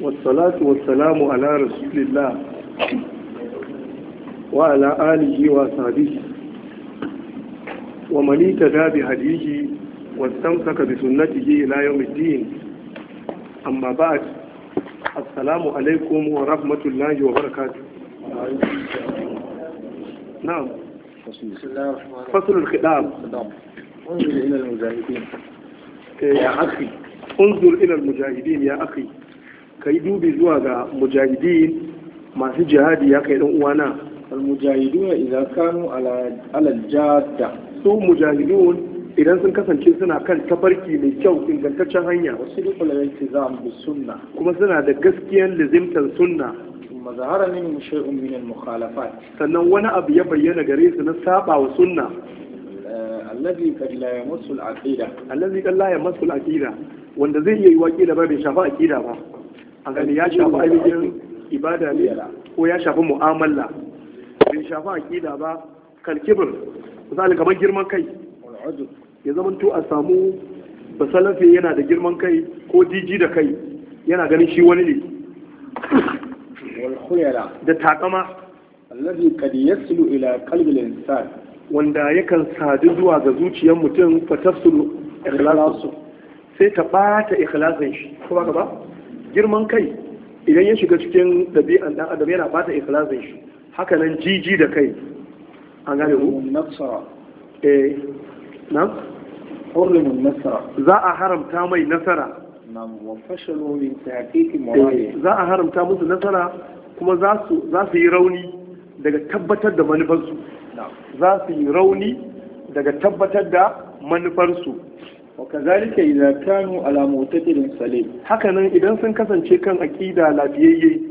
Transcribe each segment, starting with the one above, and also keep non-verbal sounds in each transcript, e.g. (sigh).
والصلاة والسلام على رسول الله وعلى آله وصحبه ومن اهتدى بهديه واستمسك بسنته إلى يوم الدين أما بعد السلام عليكم ورحمة الله وبركاته نعم فصل الخطاب انظر إلى المجاهدين إيه، يا أخي انظر إلى المجاهدين يا أخي ka yi dubi zuwa ga mujahidi masu jihadi ya kai dan uwana almujahiduna idan kanu kano su mujahidun idan sun kasance suna kan tafarki mai kyau ingantaccen hanya wasu duk za a bi sunna kuma suna da gaskiyar lizimtar sunna mazahara min shay'un min al-mukhalafat sannan wani abu ya bayyana gare su na saba wa sunna eh, allazi kad la yamassu al-aqida kad la wanda zai iya yi waƙi da ba bai shafa aqida ba an ya shafi ainihin ibada ne ko ya shafi mu'amala bai shafi aƙida ba kalkibir misali kamar girman kai ya zama to a samu basalafe yana da girman kai ko jiji da kai yana ganin shi wani ne da takama allazi kad ila qalbi al-insan wanda yakan sadu zuwa ga zuciyar mutum fa tafsulu ikhlasu sai ta bata ikhlasin shi ko ba ba girman kai idan ya shiga cikin ɗabi'an ɗan adam yana bata ikhlasin shi haka nan jiji da kai an gane ku nasara eh na hurrimun nasara za a haramta mai nasara eh, za a haramta musu nasara kuma za su yi rauni daga tabbatar da manufarsu za su yi rauni daga tabbatar da manufarsu وكذلك إذا كانوا على معتقد سليم هكذا إذا سن كسن شيكا أكيدا لا بيي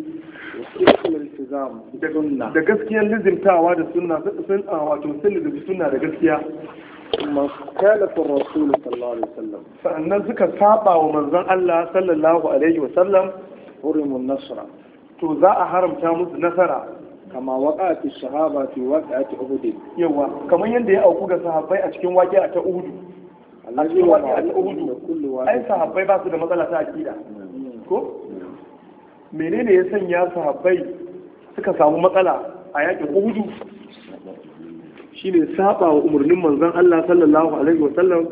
da gaskiyar lizimtawa da suna sun a wato sun lizimci suna da gaskiya sannan suka saba wa manzon Allah sallallahu alaihi wasallam hurimun to za a haramta musu nasara kama waqa'ati sahaba fi waqa'ati uhud yawa kamar yadda ya auku ga sahabbai a cikin waqi'a ta uhud ai sahabbai ba da matsala ta akida ko menene ya sanya sahabbai suka samu matsala a yakin uhudu shine saba wa umarnin manzon Allah sallallahu alaihi wa sallam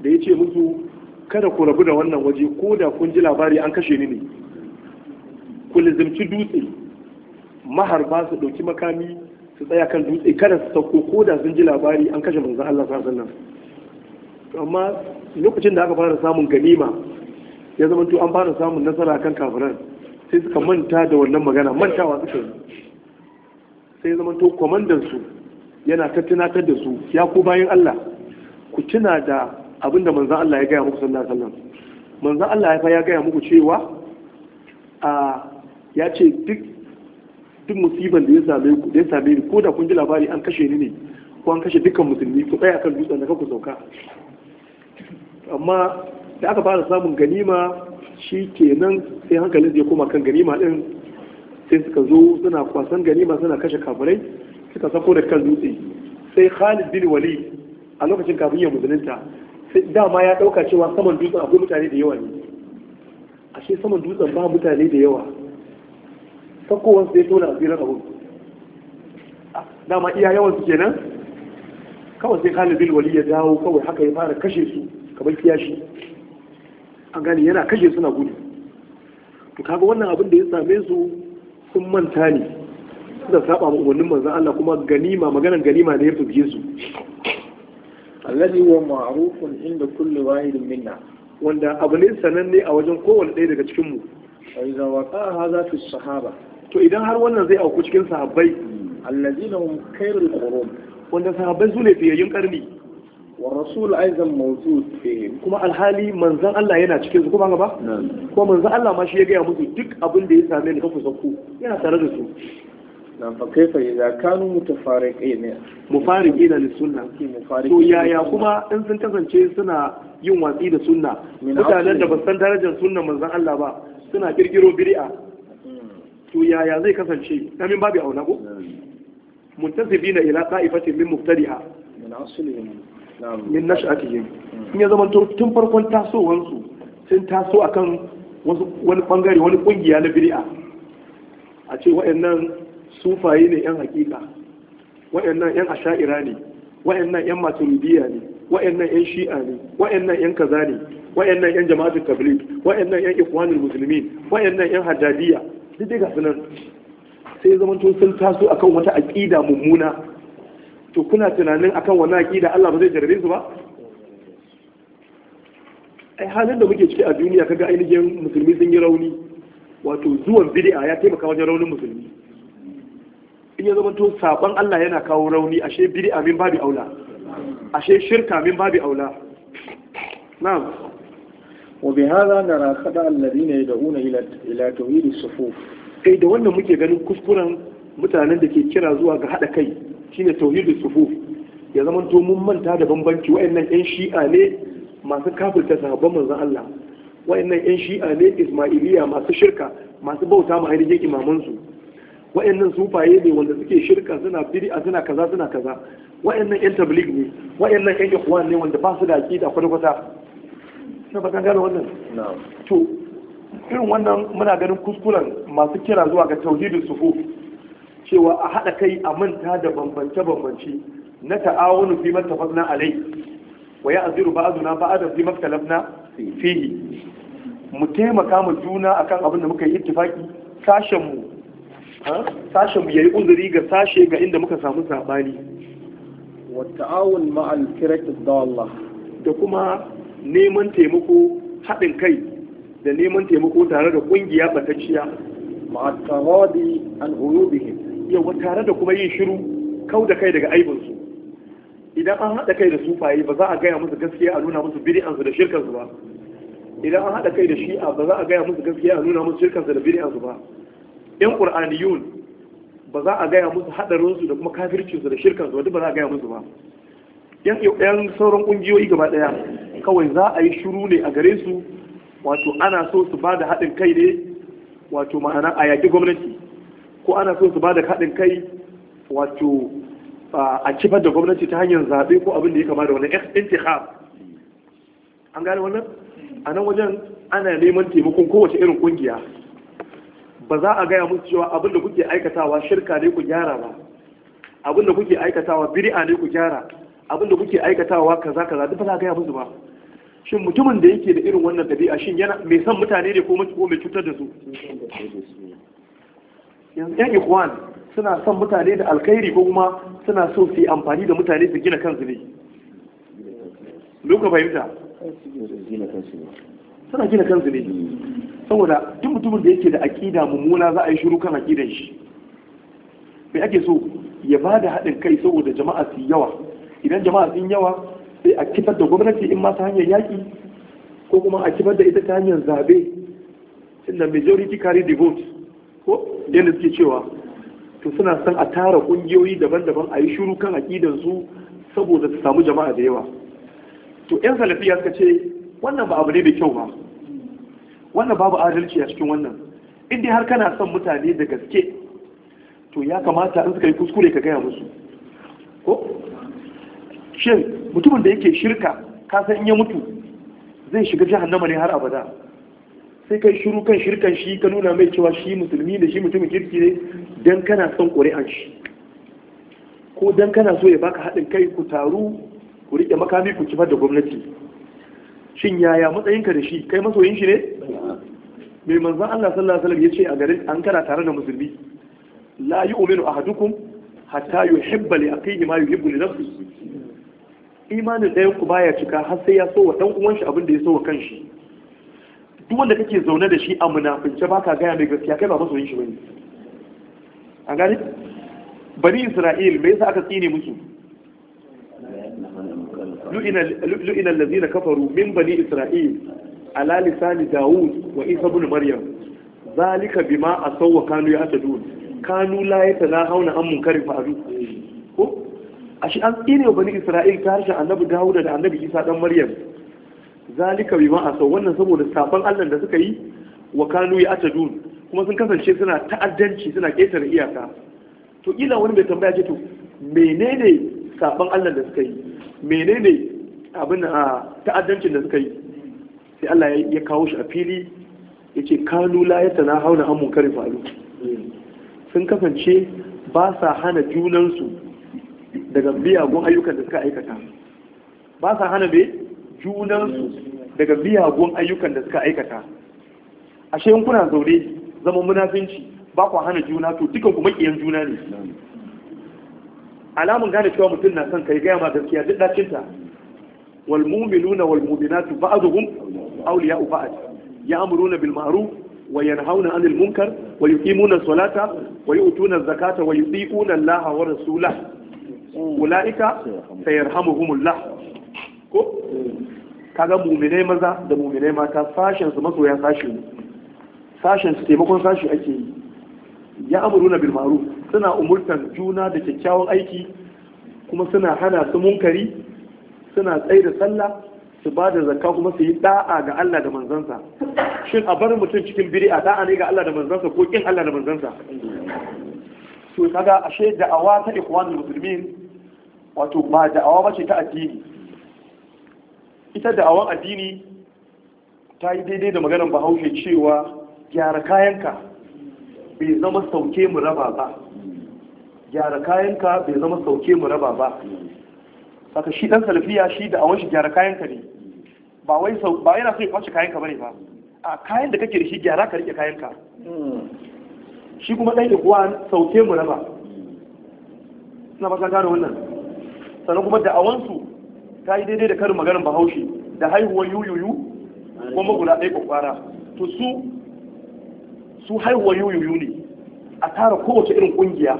da yace musu kada ku rabu da wannan waje ko da kun ji labari an kashe ni ne ku lizimci dutse ba su ɗauki makami su tsaya kan dutse kada su sauko ko da sun ji labari an kashe manzon Allah sallallahu alaihi wa sallam amma lokacin da aka fara samun ganima ya zama to an fara samun nasara kan kafiran sai suka manta da wannan magana mantawa suka yi sai zama to kwamandan su yana ta tunatar da su ya ku bayan Allah ku tuna da abin da manzan Allah ya gaya muku sallallahu alaihi wasallam manzan Allah ya ya gaya muku cewa a ya ce duk duk musiban da ya same ku da ya same ni ko da kun ji labari an kashe ni ne ko an kashe dukkan musulmi ku tsaya kan dutsen da ku sauka amma da aka fara samun ganima shi kenan sai hankalin zai koma kan ganima din sai suka zo suna kwasan ganima suna kashe kafirai suka sako da kan dutse sai Khalid bin wali a lokacin kafin ya musulunta sai dama ya dauka cewa saman dutsen akwai mutane da yawa ne ashe saman dutsen ba mutane da yawa sakowar sai tona tsirar abu dama iya yawan su kenan kawai sai Khalid bin ya dawo kawai haka ya fara kashe su kamar kiyashi an gane yana kashe suna gudu to kaga wannan abin da ya same su sun manta ne suna saba ma umarnin manzan Allah kuma ganima maganar ganima ne ya fige su alladhi huwa ma'rufun inda kulli wahidin minna wanda abu ne sananne a wajen kowanne ɗaya daga cikin mu fa idza waqa hadha fi sahaba to idan har wannan zai auku cikin sahabbai alladhina hum khairul qurun wanda sahabbai su ne fiyayyun karni wa rasul aizan mawjud fihim kuma alhali manzon Allah yana cikin su kuma gaba kuma manzon Allah ma shi ya gaya musu duk abin da ya same ni kafu sakku yana tare da su nan fa kaifa idza kanu mutafariqina mufariqina lis-sunnah to yaya kuma in sun kasance suna yin watsi da sunna mutanen da ba san darajar sunna manzon Allah ba suna kirkiro bid'a hmm. to yaya zai kasance kamin babu auna ko muntasibina ila qa'ifatin min mubtadi'a min aslihim min nash'atihim in ya zama tun farkon tasowansu sun taso akan wani bangare wani kungiya na bid'a a ce waɗannan sufaye ne yan hakika waɗannan yan asha'ira ne waɗannan yan maturidiya ne waɗannan yan shi'a ne waɗannan yan kaza ne waɗannan yan jama'atul tabligh waɗannan yan ikhwanul muslimin waɗannan yan haddadiya duk dai ga sunan sai zaman to sun taso akan wata aqida mummuna to kuna tunanin akan wannan aqida Allah ba zai jarabe su ba ai halin da muke ciki a duniya kaga ainihin musulmi sun yi rauni wato zuwan bid'a ya taimaka wajen raunin musulmi in ya zama to saban Allah yana kawo rauni ashe bid'a min babi aula ashe shirka min babi aula na'am وبهذا نرى خدع الذين يدعون إلى إلى توحيد الصفوف kai da wannan muke ganin kuskuren mutanen da ke kira zuwa ga haɗa kai shine tauhidul sufuf ya zama to mun manta da bambanci wayannan yan shi'a ne masu kafirta sahabban manzon Allah wayannan yan shi'a ne ismailiya masu shirka masu bauta ma ainihin imaman su wayannan sufaye ne wanda suke shirka suna bid'a suna kaza suna kaza wayannan yan tabligh ne wayannan yan ikhwan ne wanda ba su da aqida kwata-kwata ba kan gane wannan to irin wannan muna ganin kuskuren masu kira zuwa ga tauhidin sufu cewa a haɗa kai a manta da bambance-bambance na ta'awunu fi fasna alai wa ya ya'ziru ba'duna ba'da fi mattalafna fihi mu taimaka mu juna akan abin da muka yi ittifaki sashen mu sashen mu yayi uzuri ga sashe ga inda muka samu sabani wa ta'awun ma'al da kuma neman taimako haɗin kai da neman taimako tare da kungiya batacciya ma'ataradi an uyubihim yawa tare da kuma yin shiru kau da kai daga aibinsu idan an haɗa kai da sufaye ba za a gaya musu gaskiya a nuna musu biri'ansu da shirkansu ba idan an haɗa kai da shi'a ba za a gaya musu gaskiya a nuna musu shirkansu da biri'ansu ba yan ƙur'aniyun ba za a gaya musu haɗarinsu da kuma kafircinsu da shirkansu ba duk ba za a gaya musu ba yan sauran ƙungiyoyi gaba ɗaya kawai za a yi shiru ne a gare su wato ana so su ba da haɗin kai ne wato ma'ana a yaƙi gwamnati ko ana so su ba da haɗin kai wato a cifar da gwamnati ta hanyar zaɓe ko abin da ya kama da wani intihar an gane wannan a nan wajen ana neman taimakon kowace irin ƙungiya ba za a gaya musu cewa abin da kuke aikatawa shirka ne ku gyara ba abin da kuke aikatawa biri'a ne ku gyara abin da kuke aikatawa kaza kaza duk ba za a gaya musu ba shin mutumin da yake da irin wannan dabi'a shin yana mai son mutane ne ko mai cutar da su yan ikhwan suna son mutane da alkhairi ko kuma suna so su yi amfani da mutane su gina kansu ne lokacin fahimta suna gina kansu ne saboda duk mutumin da yake da aƙida mummuna za a yi shiru kan aƙidan shi me ake so ya ba da haɗin kai saboda jama'a su yawa idan jama'a sun yawa sai a kifar da gwamnati in ma hanyar yaƙi ko kuma a kifar da ita ta hanyar zabe inda majority carry the vote ko yadda suke cewa to suna son a tara ƙungiyoyi daban-daban a yi shuru kan aƙidansu saboda su samu jama'a da yawa to 'yan salafiya suka ce wannan ba abu ne mai kyau ba wannan babu adalci a cikin wannan in dai har kana son mutane da gaske to ya kamata in suka yi kuskure ka gaya musu ko shin mutumin da yake shirka ka san in ya mutu zai shiga jahannama ne har abada sai kai shiru kan shirkan shi ka nuna mai cewa shi musulmi da shi mutumin kirki ne dan kana son ƙuri'an shi ko dan kana so ya baka haɗin kai ku taru ku riƙe makami ku kifar da gwamnati shin yaya matsayinka da shi kai masoyin shi ne mai manzan Allah sallallahu alaihi wasallam ce a garin an tare da musulmi la yu'minu ahadukum hatta yuhibba li akhihi ma yuhibbu li nafsihi imanin ɗayan ku baya cika har sai ya so wa ɗan uwan shi abin da ya so wa kanshi duk wanda kake zaune da shi a munafince baka gaya mai gaskiya kai ba masoyin shi bane an gani bani isra'il me yasa aka tsine musu lu'ina allazina kafaru min bani isra'il ala lisani daud wa isa ibn maryam zalika bima asaw wa kanu yahtadun kanu la yatanahawna an Ashi an tsine wa bani isra'il ta harshen annabi dawuda da annabi isa dan maryam zalika bi ma'asau wannan saboda sabon allah da suka yi wa kanu ya atadun kuma sun kasance suna ta'addanci suna ƙetare iyaka to ila wani bai tambaya ce to menene sabon allah da suka yi menene abin a ah, ta'addancin da suka yi sai allah ya kawo shi a fili ya ce kanu la ya tana hauna amun kare faru hmm. sun kasance ba sa hana junansu daga biyagun ayyukan da suka aikata ba sa hana me junansu daga biyagun ayyukan da suka aikata ashe in kuna zaune zaman munafinci ba ku hana juna to dukan ku makiyan juna ne alamun gane cewa mutum na son kai gaya ma gaskiya duk dacinta wal mu'minuna wal mu'minatu ba'dhum awliya'u ba'd ya'muruna bil ma'ruf wa yanhauna 'anil munkar wa yuqimuna as-salata wa yu'tuna az-zakata wa yuti'una Allah wa rasulahu ula'ika sayarhamuhumullah ko kaga muminai maza da muminai mata sashen su masoya ne. sashen su taimakon sashi ake yi ya amuruna bil ma'ruf suna umurtan juna da kyakkyawan aiki kuma suna hana su munkari suna tsaye da sallah su ba da zakka kuma su yi da'a ga Allah da manzansa shin a bar mutum cikin bid'a da'a ne ga Allah da manzansa ko kin Allah da manzansa to kaga ashe da'awa ta ikhwanul muslimin wato ba da'awa ba ce ta addini ita da'awan addini ta yi daidai da maganar bahaushe cewa gyara kayanka bai zama sauke mu raba ba gyara kayanka bai zama sauke mu raba ba saka shi dan salafiya shi da'awan shi gyara kayanka ne ba wai ba yana so ya kwace kayanka bane ba a kayan da kake da shi gyara ka rike kayanka shi kuma dan ikuwa sauke mu raba Na ba ka gano wannan sannan kuma da'awansu ta yi daidai da karin maganin bahaushe da haihuwar yuyuyu ko guda ɗaya kwakwara to su su haihuwar yuyuyu ne a tara kowace irin ƙungiya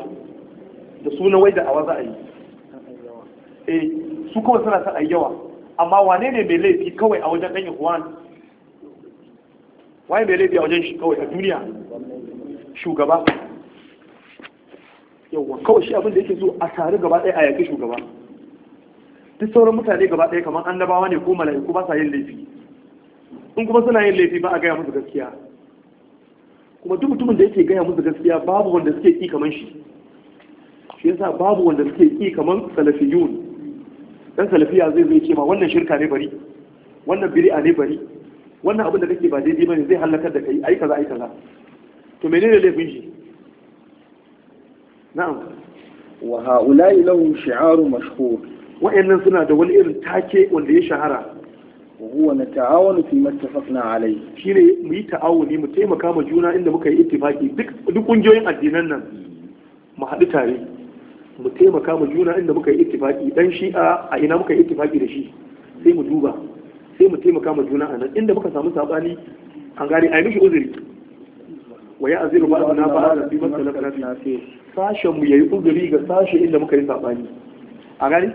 da suna wai da awa za a yi eh su kawai suna son a yawa amma wane ne mai laifi kawai a wajen ɗan ikhwan waye mai laifi a wajen shi kawai a duniya shugaba yawwa kawai shi abin da yake so a tare gaba ɗaya a yaƙi shugaba duk sauran mutane gaba ɗaya kamar annabawa ne ko mala'iku ba sa yin laifi in kuma suna yin laifi ba a gaya musu gaskiya kuma duk mutumin da yake gaya musu gaskiya babu wanda suke ƙi kamar shi shi yasa babu wanda suke ƙi kamar salafiyun dan salafiya zai zai ce ma wannan shirka ne bari wannan bid'a ne bari wannan abin da kake ba daidai bane zai halakar da kai ai kaza ai kaza to menene laifin shi na'am wa ha'ula'i lahu shi'aru mashhur wa'annan suna da wani irin take wanda ya shahara huwa na ta'awunu fi mattafaqna alai ne mu yi ta'awuni mu taimaka ma juna inda muka yi ittifaki duk duk kungiyoyin addinan nan mu haɗu tare mu taimaka ma juna inda muka yi ittifaki dan shi'a a ina muka yi ittifaki da shi sai mu duba sai mu taimaka ma juna a nan inda muka samu sabani an gane a yi mishi uzuri wa ya aziru ba na ba da fi mattafaqna fi sashen mu yayi uzuri ga sashe inda muka yi sabani a gani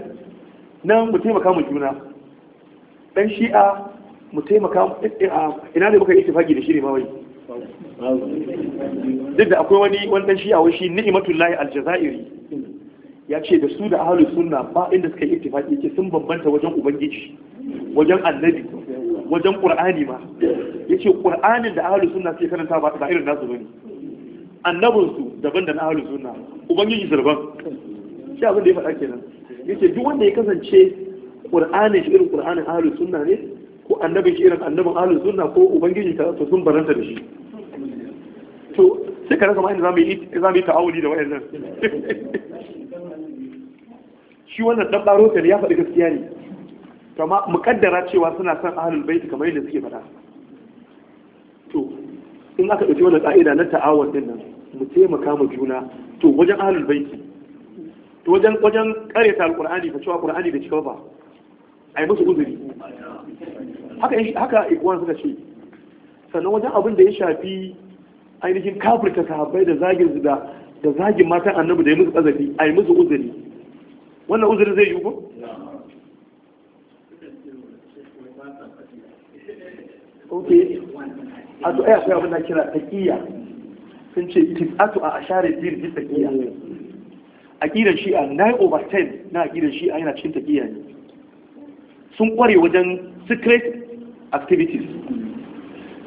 nan mu taimaka mu juna dan shi'a mu taimaka eh, eh, ina ne muka yi ittifaki da shi ne mawai duk da akwai wani wani dan shi'a wani shi ni'matul lahi aljazairi ya ce da su da ahlus sunna ba inda suka yi ittifaki yake sun bambanta wajen ubangiji wajen annabi wajen qur'ani ma yace qur'anin da ahlus sunna suke karanta ba a irin nasu bane annabinsu daban da na ahlus sunna ubangiji zurban shi abin da ya faɗa kenan yace duk wanda ya kasance ƙur'ani shi irin ƙur'anin ahlus sunna ne ko annabin shi irin annabin ahlus sunna ko ubangiji ta to sun baranta da shi to sai ka rasa ma za mu yi zamu yi ta'awuli da wayannan (laughs) shi wannan dan baro ne ya faɗi gaskiya ne kama mukaddara cewa suna son ahlul bait kamar yadda suke faɗa to in aka ɗauki wannan ƙa'ida na ta'awun din nan mu taimaka mu juna to wajen ahlul baiti to wajen wajen ta alƙur'ani ba cewa qur'ani bai cika ba yi musu uzuri haka haka ikwan suka ce sannan wajen abin da ya shafi ainihin kafirta sahabbai da zagin zuda da zagin matan annabi da ya musu kazafi yi musu uzuri wannan uzuri zai yi ko ok a to abin da kira taqiya sun ce tis'atu a ashari bir aƙidar shi'a na yi overtain na aƙidar shi'a yana cikin taƙiyya ne sun ƙware wajen secret activities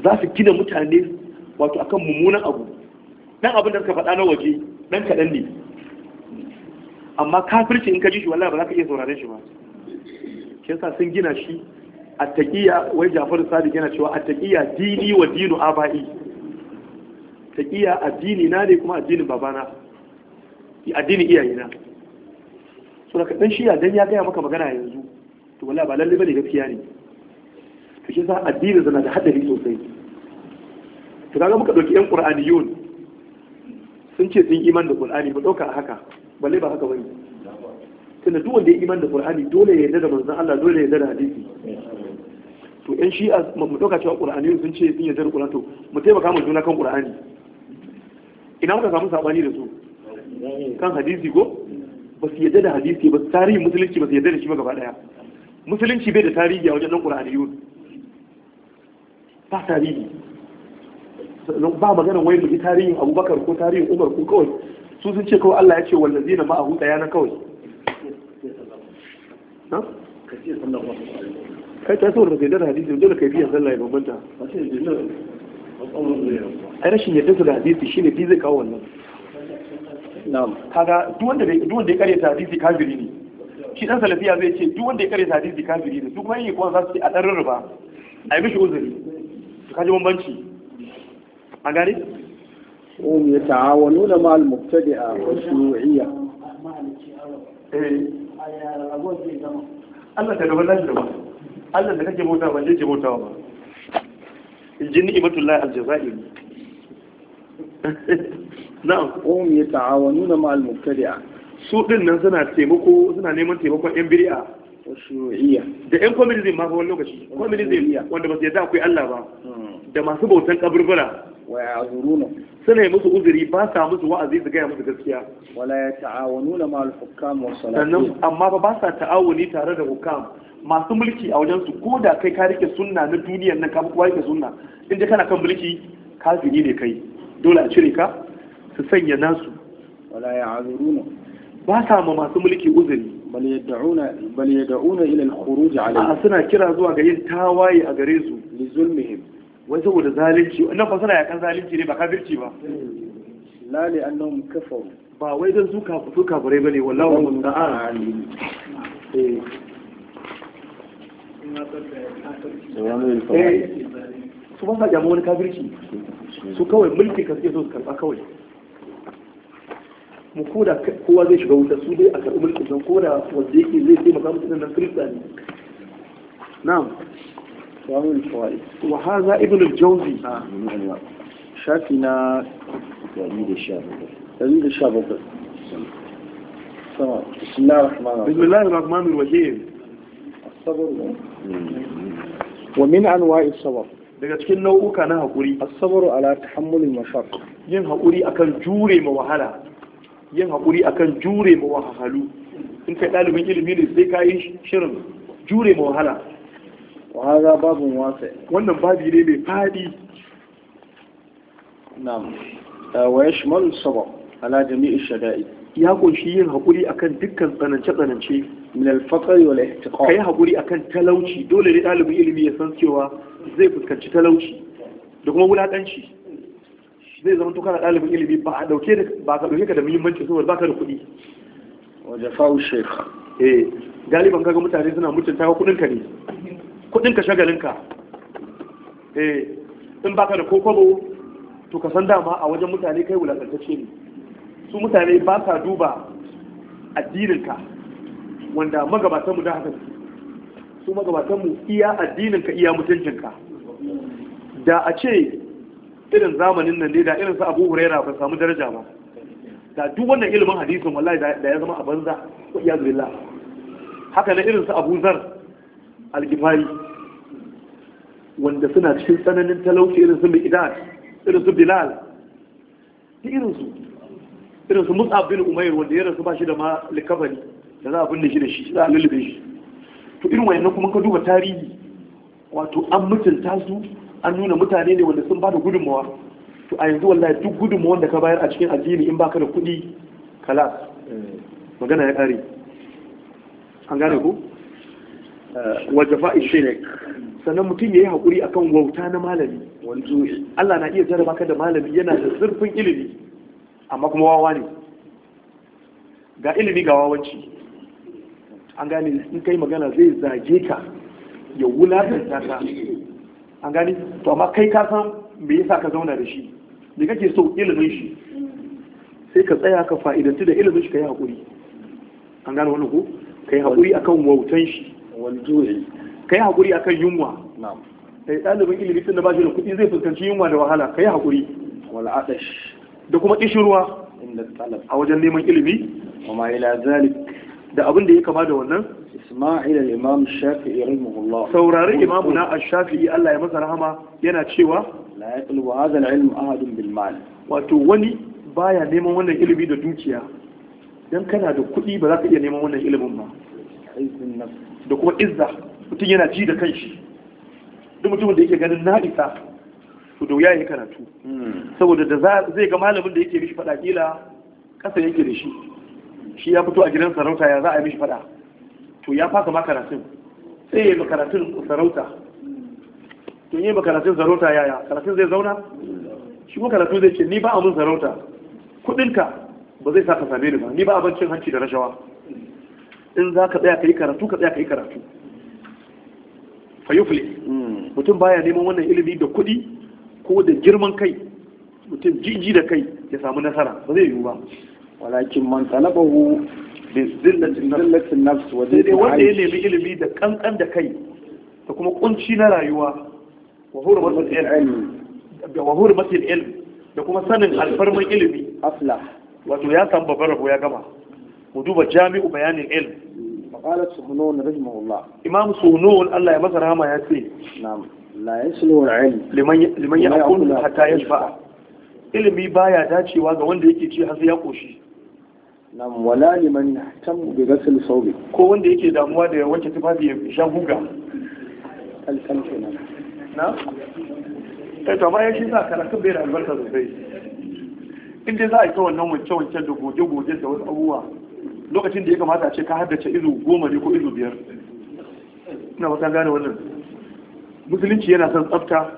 za su gina mutane wato akan mummunan abu ɗan abin da suka faɗa na waje ɗan kaɗan ne amma kafirci in ka ji shi wallahi ba za ka iya sauraren shi ba shi yasa sun gina shi attaqiya wai Jafaru Sadiq gina cewa attaqiya dini wa dinu abai taqiya addini na ne kuma addinin babana addinin iyayena so daga dan shi dan ya gaya maka magana yanzu to wala ba lalle bane gaskiya ne to shi sa addinin zana da hadari sosai to kaga muka dauki yan qur'aniyun sun ce sun iman da qur'ani ba dauka haka balle ba haka bane tunda duk wanda ya iman da qur'ani dole ya yarda da manzon Allah dole ya yarda da hadisi to yan shi'a mu dauka cewa qur'aniyun sun ce sun yarda da qur'ani to mu taimaka mu juna kan qur'ani ina muka samu sabani da su kan hadisi ko ba su yadda da hadisi ba tarihin musulunci ba su yadda da shi ba gaba daya musulunci bai da tarihi a wajen da yiwu ba tarihi ba maganin wai mai tarihin abubakar ko tarihin umar ko kawai su sun ce kawai allah ya ce wanda zina ma a huɗa yana kawai kai ta saboda bai da hadisi da kai biyan sallah ya bambanta ai rashin yadda su da hadisi shine fi zai kawo wannan kaga duk wanda duk wanda ya karanta hadisi kafiri ne shi dan salafiya zai ce duk wanda ya karanta hadisi kafiri ne duk kuma yin kuma za su ce a ɗarin riba a yi mishi uzuri su kaji bambanci an gane hum yata'awanuna ma'al mubtadi'a wa shuyu'iyya eh Allah ta gaban da ba Allah da kake bauta ba je bauta ba jinni ibatullahi aljazairi (laughs) na'am um yata'awanuna ma'al mubtadi'a su din nan suna taimako suna neman taimakon yan bid'a shu'iyya da yan communism ma wani lokaci communism wanda ba su yarda akwai Allah ba hmm. da masu bautan kaburbura wa ya'zuruna suna yi musu uzuri ba sa musu wa'azi su gaya musu gaskiya wala yata'awanuna ma'al hukam wa salatin amma ba ba sa ta'awuni tare da hukam masu mulki a wajen su ko da kai ka rike sunna na duniyar nan ka kuma rike sunna in kana kan mulki kafiri ne kai dole a cire ka su sanya nasu wala azuruna ba sa ma masu mulki uzuri bal yad'una bal yad'una ila al-khuruj alayhi suna kira zuwa ga yin tawaye a gare su li zulmihim wai saboda zalunci wannan fa suna yakan zalunci ne ba kafirci ba la li annahum kafaru ba wai dan su kafu su kafirai bane wallahi musta'an eh. eh su ba sa jamu wani kafirci su kawai mulki ka suke so su karba kawai مكورة قوة ديش قوتها سودة أكثر أمر كنتم قوة وزيكي زيكي مقام سنة نفريق ثاني نعم وهذا ابن الجوزي شافنا تأميد الشاب تأميد الشاب بسم الله الرحمن الرحيم الصبر ومن أنواع الصبر لقد كنا أوكا نهكوري الصبر على تحمل المشاق ينهكوري أكل جوري موهلا yin haƙuri akan jure ma wahalhalu in kai ɗalibin ilimi ne sai ka yi shirin jure ma wahala wahala babin wasa wannan babi ne mai faɗi na'am eh, wa yashmal saba ala jami'i shada'i ya ƙunshi yin haƙuri akan dukkan tsanance-tsanance min al yau wal Ka yi haƙuri akan talauci dole ne ɗalibin ilimi ya san cewa zai fuskanci talauci da kuma wulaƙanci zai zama to kana dalibin ilimi ba a dauke da ba ka dauke ka da muhimmanci saboda baka da kuɗi wajen fa'u sheikh eh galiban kaga mutane suna mutunta ka kuɗin ka ne kuɗin ka shagalin ka eh in baka da kokobo to ka san dama a wajen mutane kai wulakantacce ne su mutane ba sa duba addinin ka wanda magabatan mu da haka su magabatan mu iya addinin ka iya mutuncin ka da a ce irin zamanin nan ne da irin su abu huraira ba samu daraja ba da duk wannan ilimin hadisin wallahi da ya zama a banza wa iyaz billah haka na irin su abu zar alkifari wanda suna cikin tsananin talauci irin su miqdad irin su bilal irin su irin su mus'ab bin umair wanda ya rasu bashi da ma likabani da za a binne shi da shi za a lullube shi to irin wayannan kuma ka duba tarihi wato an mutunta su an nuna mutane ne wanda sun bada gudunmawa to a yanzu wallahi duk gudunmawan da ka bayar a cikin addini in baka da kuɗi kalas magana ya ƙare an gane ku eh, wa jafa'i shirk sannan mutum ya yi haƙuri akan wauta na malami Allah na iya jarraba ka da malami yana da zurfin ilimi amma kuma wawa ne ga ilimi ga wawanci an gane in kai magana zai zage ka ya wulakanta ka an gani to amma kai ka san me yasa ka zauna da shi me kake so ilimin shi sai ka tsaya ka fa'idanci da ilimin shi ka yi haƙuri an gane wani ko ka yi haƙuri akan wautan shi ka yi haƙuri akan yunwa sai ɗalibin ilimi tun da ba shi da kuɗi zai fuskanci yunwa da wahala ka yi haƙuri da kuma ƙishin a wajen neman ilimi wa ma ila zalik da abin da ya kama da wannan Isma'il al-Imam Shafi'i rahimahullah saurari imamu na Shafi'i Allah ya masa rahama yana cewa la yaqlu hadha al-ilm ahadun bil mal wato wani baya neman wannan ilimi da dukiya dan kana da kuɗi ba za ka iya neman wannan ilimin ba da kuma izza mutum yana ji da kanshi duk mutumin da yake ganin na to da wuya ya karatu hmm. saboda da zai ga malamin da yake mishi fada kila kasa yake da shi shi ya fito a gidan sarauta ya za a yi mishi fada to ya fasa ma karatun sai ya yi karatun sarauta to yi karatun sarauta yaya karatun zai zauna shi kuma karatu zai ce ni ba abin sarauta kudinka ba zai sa ka same ni ba ni ba abincin hanci da rashawa in za ka tsaya ka yi karatu ka tsaya ka yi karatu fayufle mutum baya neman wannan ilimi da kuɗi ko da girman kai mutum jiji da kai ya samu nasara ba zai yiwu ba walakin man talabahu bi zillatin nafs wa dai wanda ya nemi ilimi da kankan da kai da kuma kunci na rayuwa wa hurmatul ilm wa hurmatul ilm da kuma sanin alfarman ilimi afla wato ya san babbar rabo ya gama mu duba jami'u bayanin ilm maqalat suhunun rahimahullah imam suhunun Allah ya masa rahama ya ce na'am la yaslu al-ilm liman liman yaqulu hatta yashfa ilimi baya dacewa ga wanda yake ci har sai ya koshi nam wala liman tam bi ghasl sawbi ko wanda yake damuwa da wacce tufafi ya sha huga alkan kenan na eh to bayan shi sa raka bai da albarka sosai in dai za a ta wannan wacce wacce da goge goge da wasu abubuwa lokacin da ya kamata a ce ka haddace izu goma ne ko izu biyar ina wata gane wannan musulunci yana son tsafta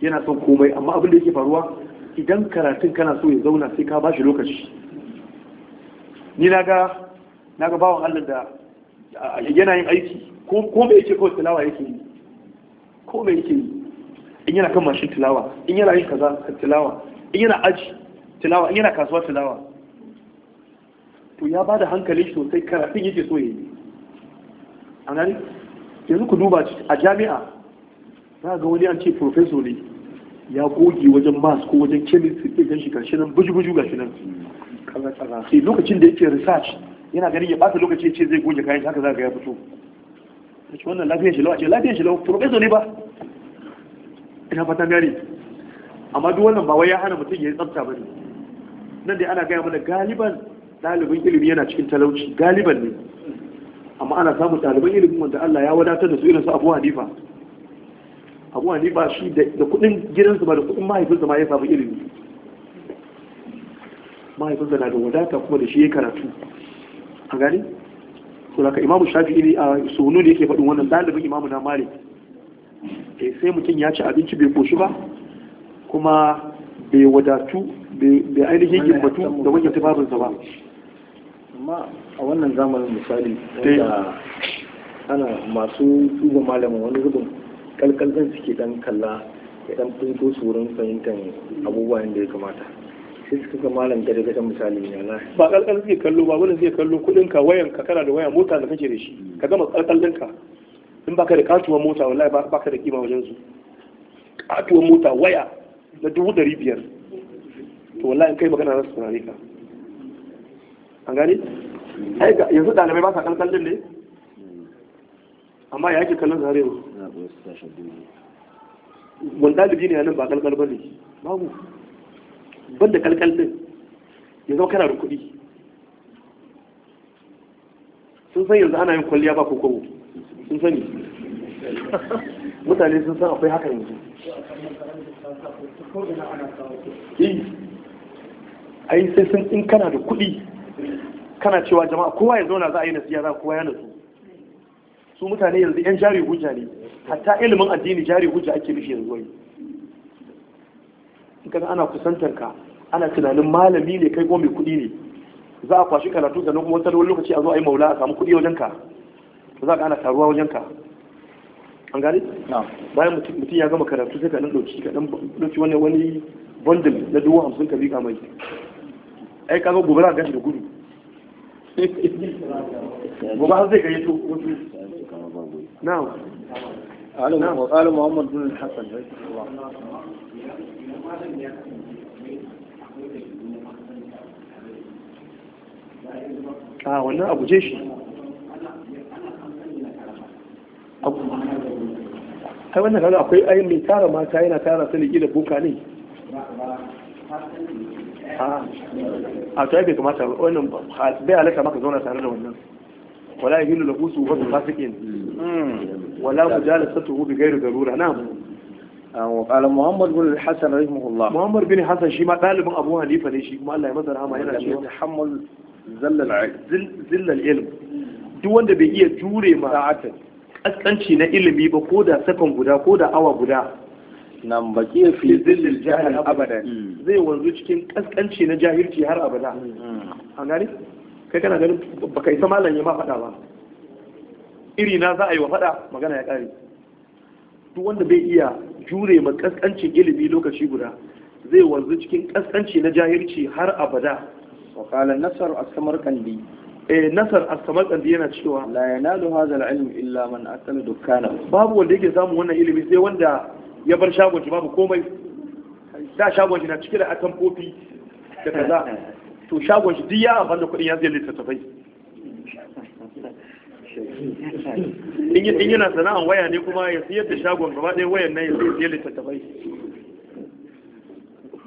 yana son komai amma abin da yake faruwa idan karatun kana so ya zauna sai ka bashi lokaci ni na ga bawan Allah da yana yin aiki ko me yake kawai tilawa yake yi ko me yake yi in yana kan mashin tilawa in yana yin kaza tilawa in yana aji tilawa in yana kasuwa tilawa to ya ba da hankali sosai karatun yake so yayi a nan yanzu ku duba a jami'a za ga wani an ce professor ne ya goge wajen mass ko wajen chemistry ɗin shi gashi nan buju-buju gashi nan sai lokacin da yake research yana ganin ya bata lokaci ce zai goge kayan haka za ka ya fito ce wannan lafiyar shi lau a ce lafiyar shi lau professor ne ba ina fatan gari amma duk wannan ba wai ya hana mutum ya yi tsafta ba ne nan dai ana gaya mana galiban ɗalibin ilimi yana cikin talauci galiban ne amma ana samun ɗaliban ilimin wanda Allah ya wadatar da su irin su Abu Hanifa Abu Hanifa shi da kuɗin gidansu ba da kuɗin mahaifinsa ma ya samu ilimi mahaifinsa na da wadata kuma da shi ya karatu a gani to imamu shafi ne a sunu da yake faɗin wannan dalibin imamu na malik eh sai mutum ya ci abinci bai koshi ba kuma bai wadatu bai ainihin gimbatu da wajen tufafin ba amma a wannan zamanin misali eh. da ana masu duba malamin wani zubin kalkalzan suke dan kalla ya dan fito su wurin fahimtar abubuwan da ya kamata sai suka malam gare gare misali ne na ba kalkal zai kallo ba wani zai kallo kudin ka wayan ka kana da waya mota da kake da shi ka gama kalkal ɗinka in baka da katuwar mota wallahi baka da kima wajen su katuwar mota waya na dubu dari biyar to wallahi in kai magana za su turare ka an gane ai yanzu dalibai ba sa kalkal ɗin ne amma ya ke kallon su har yanzu wani ɗalibi ne ya nan ba kalkal ba ne babu banda kalkal din ya zama kana da kuɗi sun san yanzu ana yin kwalliya ba kokowo sun sani mutane sun san akwai haka yanzu eh, ai sai sun in kana da kuɗi kana cewa jama'a kowa ya zauna za a yi nasiya za kowa ya nasu su mutane yanzu yan jari hujja ne hatta ilimin addini jari hujja ake mishi yanzu wani kaga ana kusantar ka ana tunanin malami ne kai ko mai kuɗi ne za a kwashi karatu da kuma wani lokaci a zo a yi maula a samu kuɗi wajen ka za ka ana taruwa wajen ka an gane bayan mutum ya gama karatu sai ka dan dauki ka dan dauki wani wani bundle na dubu hamsin ka bika mai ai ka zo gobe za ka da gudu (laughs) gobe har zai gayyato na'am قال محمد بن الحسن a wannan abu je shi ai wannan kaga akwai ayin mai tara mata yana tara su liki da buka ne a to bai kamata wannan bai alaka maka zauna tare da wannan wala yahilu lahu su wa fasikin hmm. hmm. wala mujalasatu bi ghairi darura na'am وقال محمد بن الحسن رحمه الله محمد بن الحسن شي ما طالب ابو حنيفه ne shi kuma Allah ya masa rahama yana cewa tahammul zillal ilm duk wanda bai iya jure ma sa'atan kaskanci na ilimi ba ko da sakan guda ko da awa guda nan ba baki fi zillil jahil abada mm. zai wanzu cikin kaskanci na jahilci har abada mm. an gane kai kana ganin baka isa malam ya ma faɗa ba iri na za a yi wa faɗa magana ya ƙare duk wanda bai iya jure ma kaskancin ilimi lokaci guda zai wanzu cikin kaskanci na jahilci har abada wakalan nasar samar kandi eh nasar samar kandi yana cewa la yanalu hadha al-ilm illa man akala dukkana babu wanda yake samu wannan ilimi sai wanda ya bar shagon shi babu komai da shagon shi na cike da atamfofi da kaza (laughs) to shagon shi duk ya abanda kuɗin ya zai littattafai in yana sana'an waya ne kuma ya siyar da shagon gaba ɗaya wayan nan ya zai siyar littattafai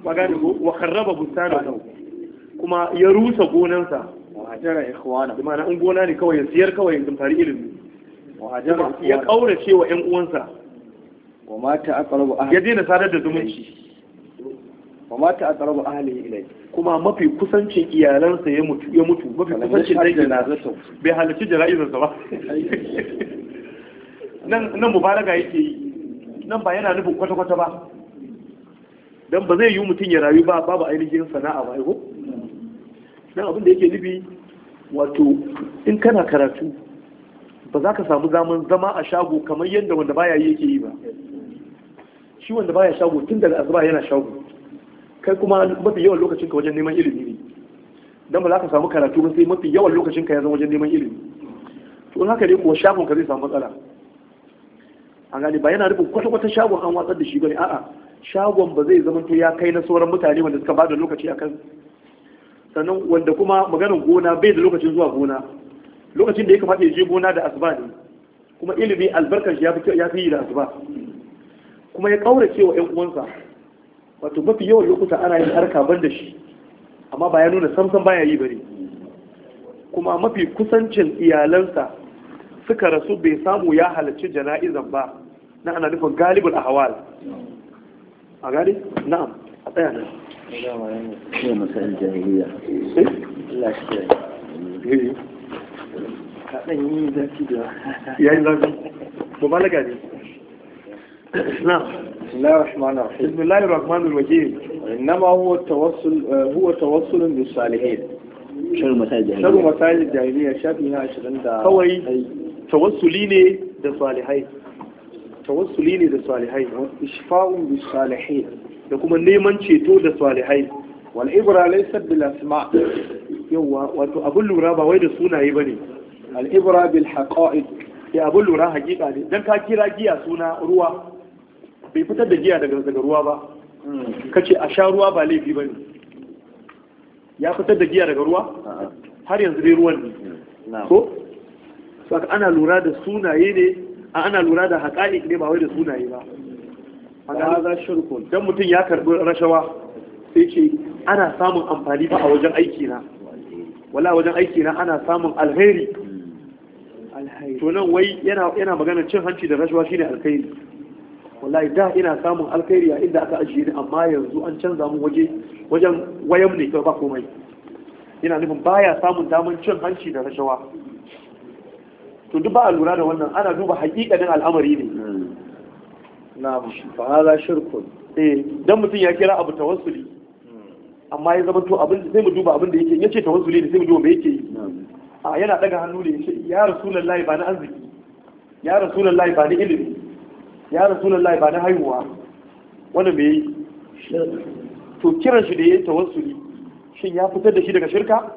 ba gani wa karraba bustana nau kuma ya rusa gonansa wa hajara in gona ne kawai ya siyar kawai ya fari ilimi wa ya kaurace wa ƴan uwansa ya daina sadar da zumunci wa mata aqrabu ahlihi ilai kuma mafi kusancin iyalansa ya mutu ya mutu mafi kusancin dangin bai halarci jana'izar sa ba nan nan mubaraka yake yi nan ba yana nufin kwata kwata ba dan ba zai yi mutum ya rayu ba babu ainihin sana'a ba ko dan abin da yake nufi wato in kana karatu ba za ka samu zaman zama a shago kamar yadda wanda baya yi yake yi ba shi wanda baya shago tun daga asuba yana shago kai kuma mafi yawan lokacin ka wajen neman ilimi ne dan ba za ka samu karatu ba sai mafi yawan lokacin ka ya zama wajen neman ilimi to in haka ne kuwa shagon ka zai samu matsala A gane ba yana nufin kwata-kwata shagon an watsar da shi bane a'a shagon ba zai zama to ya kai na sauran mutane wanda suka bada lokaci akan sannan wanda kuma maganar gona bai da lokacin zuwa gona lokacin da ya kamata ya je gona da asuba ne kuma ilimi albarkar shi ya fi yi da asuba kuma ya kaurace wa 'yan uwansa wato mafi yawan lokuta ana yin harka ban da shi amma ba ya nuna samsan baya yi bane kuma mafi kusancin iyalansa suka rasu bai samu ya halarci jana'izan ba na ana nufin a ahwal a gari na'am a tsaya nan eh. Eh. kaɗan yi zafi da yayin zafi mubalaga ne نعم بسم الله الرحمن الرحيم بسم الله الرحمن الرحيم هو هو توصل شر مساجد شر مساجد 20 da kuma neman ceto da salihai wal ibra laysa bil asma yawa wato lura ba wai da sunaye bane al ibra bil haqa'iq ya abun lura hakika ne dan ka kira giya suna ruwa bai fitar da giya daga daga ruwa ba kace a sha ruwa ba laifi bane ya fitar da giya daga ruwa har yanzu dai ruwan ne ko saka ana lura da sunaye ne A ana lura da haƙa'iq ne ba wai da sunaye ba hada shirkun dan mutum ya karbi rashawa sai ce ana samun amfani ba a wajen aiki na wala wajen aiki na ana samun alheri hmm. to nan wai yana magana cin hanci da rashawa shine alheri. wallahi da ina samun alkhairi a inda aka ajiye ni amma yanzu an canza mun waje wajen wayam ne ba komai ina nufin baya samun daman cin hanci da rashawa to duk ba a lura da wannan ana duba hakikanin al'amari ne na fa hada shirku eh dan mutum ya kira abu tawassuli amma ya zama to abin sai mu duba abin da yake yace tawassuli ne sai mu duba me yake yi a yana daga hannu ne ya rasulullahi ba na arziki ya rasulullahi ba ni ilimi ya lallai ba na haihuwa wanda me yi to kiran shi da ya tawassuli shin ya fitar da shi daga shirka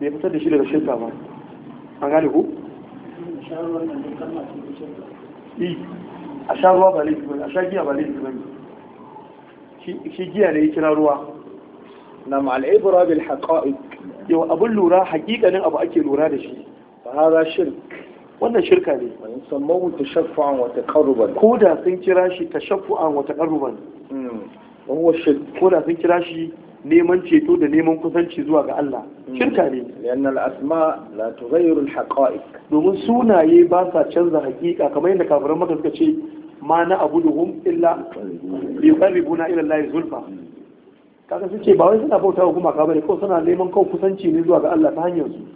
bai fitar da shi daga shirka ba an gane ku a sha ruwa ba laifi a sha giya ba laifi bane shi giya ne ya kira ruwa na ma'al'ibra bil haqa'iq yau abun lura hakikanin abu ake lura da shi fa hada shirk wannan shirka ne musamman tashaffa'an wata karuban ko da sun kira shi tashaffa'an wa wata karuban hmm. ko da sun kira shi neman ceto da neman kusanci zuwa ga Allah hmm. shirka ne yana al'asma asma la tughayyiru al-haqa'iq domin sunaye ba sa canza hakika kamar yadda kafirin maka suka ce ma na abuduhum illa bi qarribuna ila Allah zulfa kaga suke ba wai suna bautawa gumaka bane ko suna neman kawai kusanci ne zuwa ga Allah ta hanyar su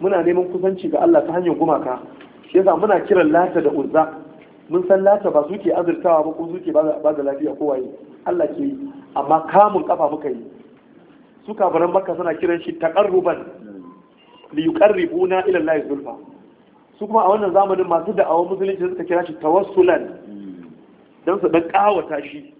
muna neman kusanci ga Allah ta hanyar gumaka shi yasa muna kiran lata da uzza mun san lata ba suke azurtawa ba ko suke ba da lafiya ko waye Allah ke amma kamun kafa muka yi su kafiran makka suna kiran shi taqarruban li yuqarribuna ila Allah zulfa su kuma a wannan zamanin masu da'awa musulunci suka kira shi tawassulan hmm. dan su dan kawata shi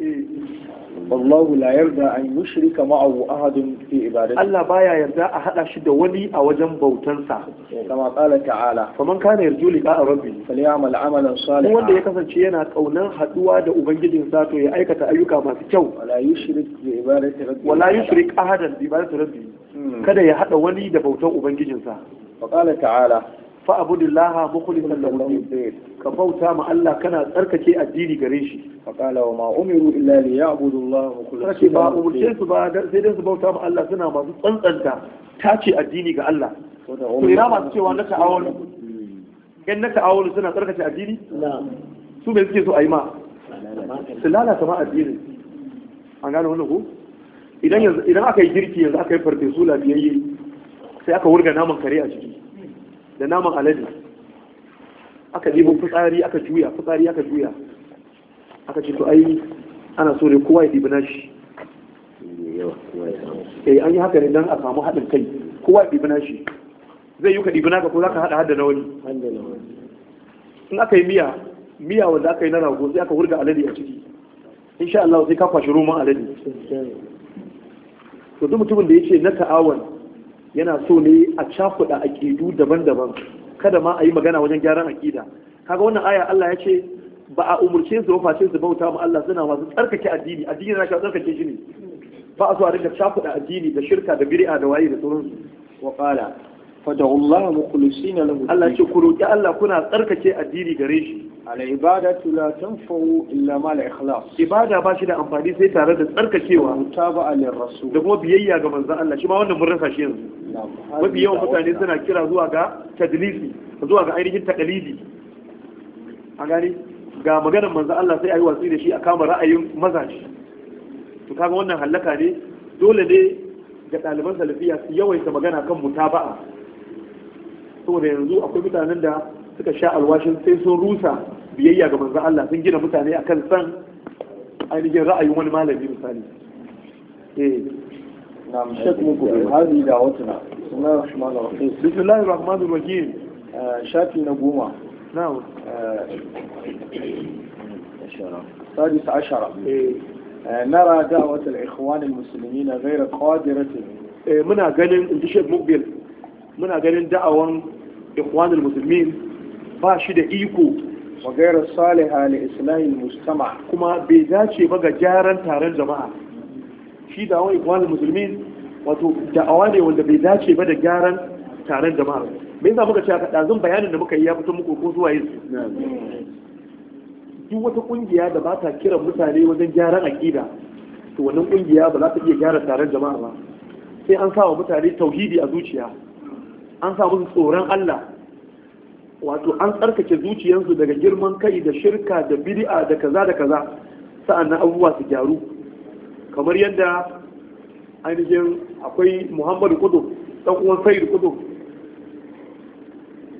Allah la yarda an yushrika ma'ahu ahadun fi ibadati Allah baya yarda a hada shi da wani a wajen bautansa kama qala ta'ala faman kana yarju liqa rabbi falyamal amalan salihan wanda ya kasance yana kaunar haduwa da ubangijin sa to ya aikata ayyuka masu kyau wala yushrik bi ibadati rabbi wala yushrik ahadan bi ibadati rabbi hmm. kada ya hada wani da bautan ubangijinsa wa qala ta'ala fa abudillaha mukhlishan lahu din ka bauta ma Allah kana tsarkake addini gare shi fa qala wa ma umiru illa li ya'budu Allah mukhlishan ba umurce su ba sai dai su bauta ma Allah suna masu tsantsanta tace addini ga Allah to ina masu cewa na ta'awulu in na ta'awulu suna tsarkake addini su me suke so a yi ma su lalata ma addini an gane wannan ko idan aka yi girki yanzu aka yi farfesu lafiyayye sai aka wurga naman kare a ciki da naman alade aka ɗibo fitsari aka juya fitsari aka juya aka ce to ai ana so ne kowa ya ɗibi nashi eh an yi haka ne dan a samu haɗin kai kowa ya ɗibi nashi zai yi ka dibina naka ko za ka haɗa hada na wani in aka yi miya miya wanda aka yi na rago sai aka wurga alade a ciki insha Allah sai ka kwashi roman alade to duk mutumin da ya ce na ta'awun yana so ne a cakuɗa aƙidu daban-daban kada ma a yi magana wajen gyaran aƙida kaga wannan aya Allah ya ce ba a umurce su ba face su bauta ma Allah suna masu tsarkake addini addini na shi tsarkake shi ne ba a so a rinka cakuɗa addini da shirka da bid'a da waye da sauransu wa qala fada'ullah mukhlisina lahu Allah ce ku roki Allah kuna tsarkake addini gare shi al ibadatu la tanfa'u illa ma la ikhlas ibada ba shi da amfani sai tare da tsarkakewa mutaba alir rasul da kuma biyayya ga manzon Allah shi ma wannan mun rasa shi yanzu mafi yawan mutane suna kira zuwa ga tadlisi zuwa ga ainihin taqlidi a gani ga maganar manzon Allah sai ayi watsi da shi a kama ra'ayin mazaji to kaga wannan halaka ne dole ne ga ɗaliban salafiya su yawaita magana kan mutaba'a saboda yanzu akwai mutanen da suka sha alwashin sai sun rusa biyayya ga manzan Allah sun gina mutane a kan san ainihin ra'ayin wani malami misali eh نعم شكرا هذه دعوتنا بسم الله الرحمن الرحيم بسم الله الرحمن الرحيم شاكي نقومة نعم السادس عشر نرى دعوة الإخوان المسلمين غير قادرة منا قلن انت شيخ مقبل منا قلن دعوة ikhwanul Musulmin ba shi da iko wa gairar saliha li islahin mustama kuma bai dace ba ga gyaran taron jama'a shi da wani ikhwanul Musulmin wato da'awa ne wanda bai dace ba da gyaran taron jama'a me za muka ce aka dazun bayanin da muka yi ya fito muku ko zuwa yin duk wata kungiya da ba ta kiran mutane wajen gyaran aƙida to wannan kungiya ba za ta iya gyara taron jama'a ba sai an sa wa mutane tauhidi a zuciya an samu tsoron Allah wato an tsarkake zuciyarsu daga girman kai da shirka da bidi'a da kaza da kaza sa'annan abubuwa su gyaru kamar yadda ainihin akwai Muhammadu Kudu dan uwan Sayyid Kudu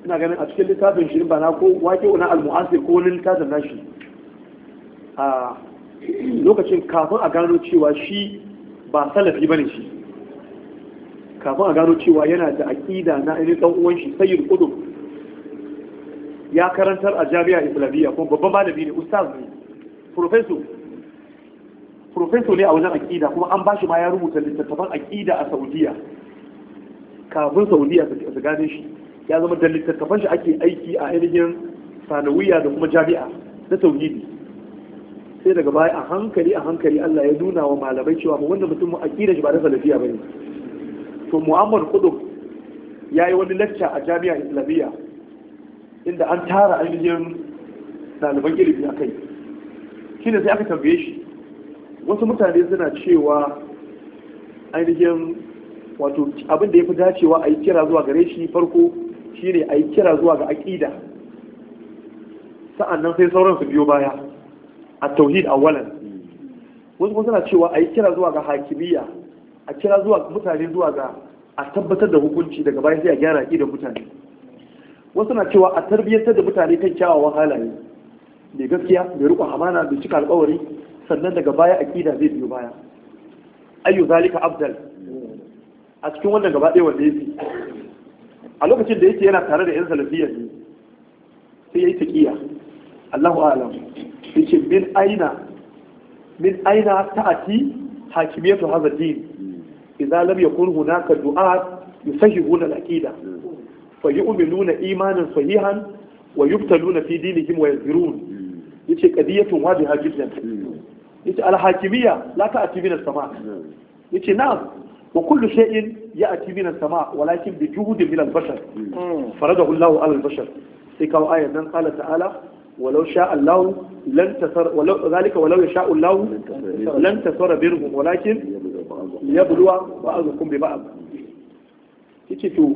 ina ganin a cikin littafin shirin na, ko wake na al-mu'asir ko wani littafin nashi a lokacin kafin a gano cewa shi ba salafi bane shi kafin a gano cewa yana da aƙida na ainihin ɗan uwan shi sayyid qutb ya karantar a jami'a islamiyya kuma babban malami ne ustaz ne professor professor ne a wajen aƙida kuma an bashi ma ya rubuta littattafan aƙida a saudiya kafin saudiya su gane shi ya zama da littattafan shi ake aiki a ainihin sanawiya da kuma jami'a na tauhidi sai daga baya a hankali a hankali Allah ya nuna wa malamai cewa wannan mutum aƙida shi ba da salafiya bane to muhammad kudu ya yi wani lacca a jami'a islamiyya inda an tara ainihin ɗaliban ilimi a kai shi ne sai aka tambaye shi wasu mutane suna cewa ainihin wato abin da ya fi dacewa a yi kira zuwa gare shi farko shi ne a yi kira zuwa ga aƙida sa'an nan sai sauran su biyo baya a tauhid awalan wasu suna cewa a yi kira zuwa ga hakimiyya a kira zuwa mutane zuwa ga a tabbatar da hukunci daga bayan sai a gyara ki da mutane wasu na cewa a tarbiyyantar da mutane kan kyawawan halaye mai gaskiya mai rikon amana mai cika alkawari sannan daga baya aƙida zai biyo baya ayyu zalika abdal a cikin wannan gaba ɗaya wanda yake a lokacin da yake yana tare da yan salafiyya ne sai yayi taqiya Allahu a'lam yace min aina min aina ta'ati hakimiyatu hadha din idza lam yakun hunaka du'a yusahihuna al-aqida fa yu'minuna imanan sahihan wa yubtaluna fi dinihim wa yazirun yace qadiyatun wadiha jiddan yace al-hakimiyya la ta'ti min as-sama yace na'am wa kullu shay'in ya'ti min as-sama walakin bi juhudin min al-bashar faradahu Allahu 'ala al-bashar sai kawo ayar nan qala ta'ala ولو شاء الله لن تسر ولو ذلك ولو يشاء الله لن تسر برهم ولكن ya buluwa ba a zukun bai ba a ce to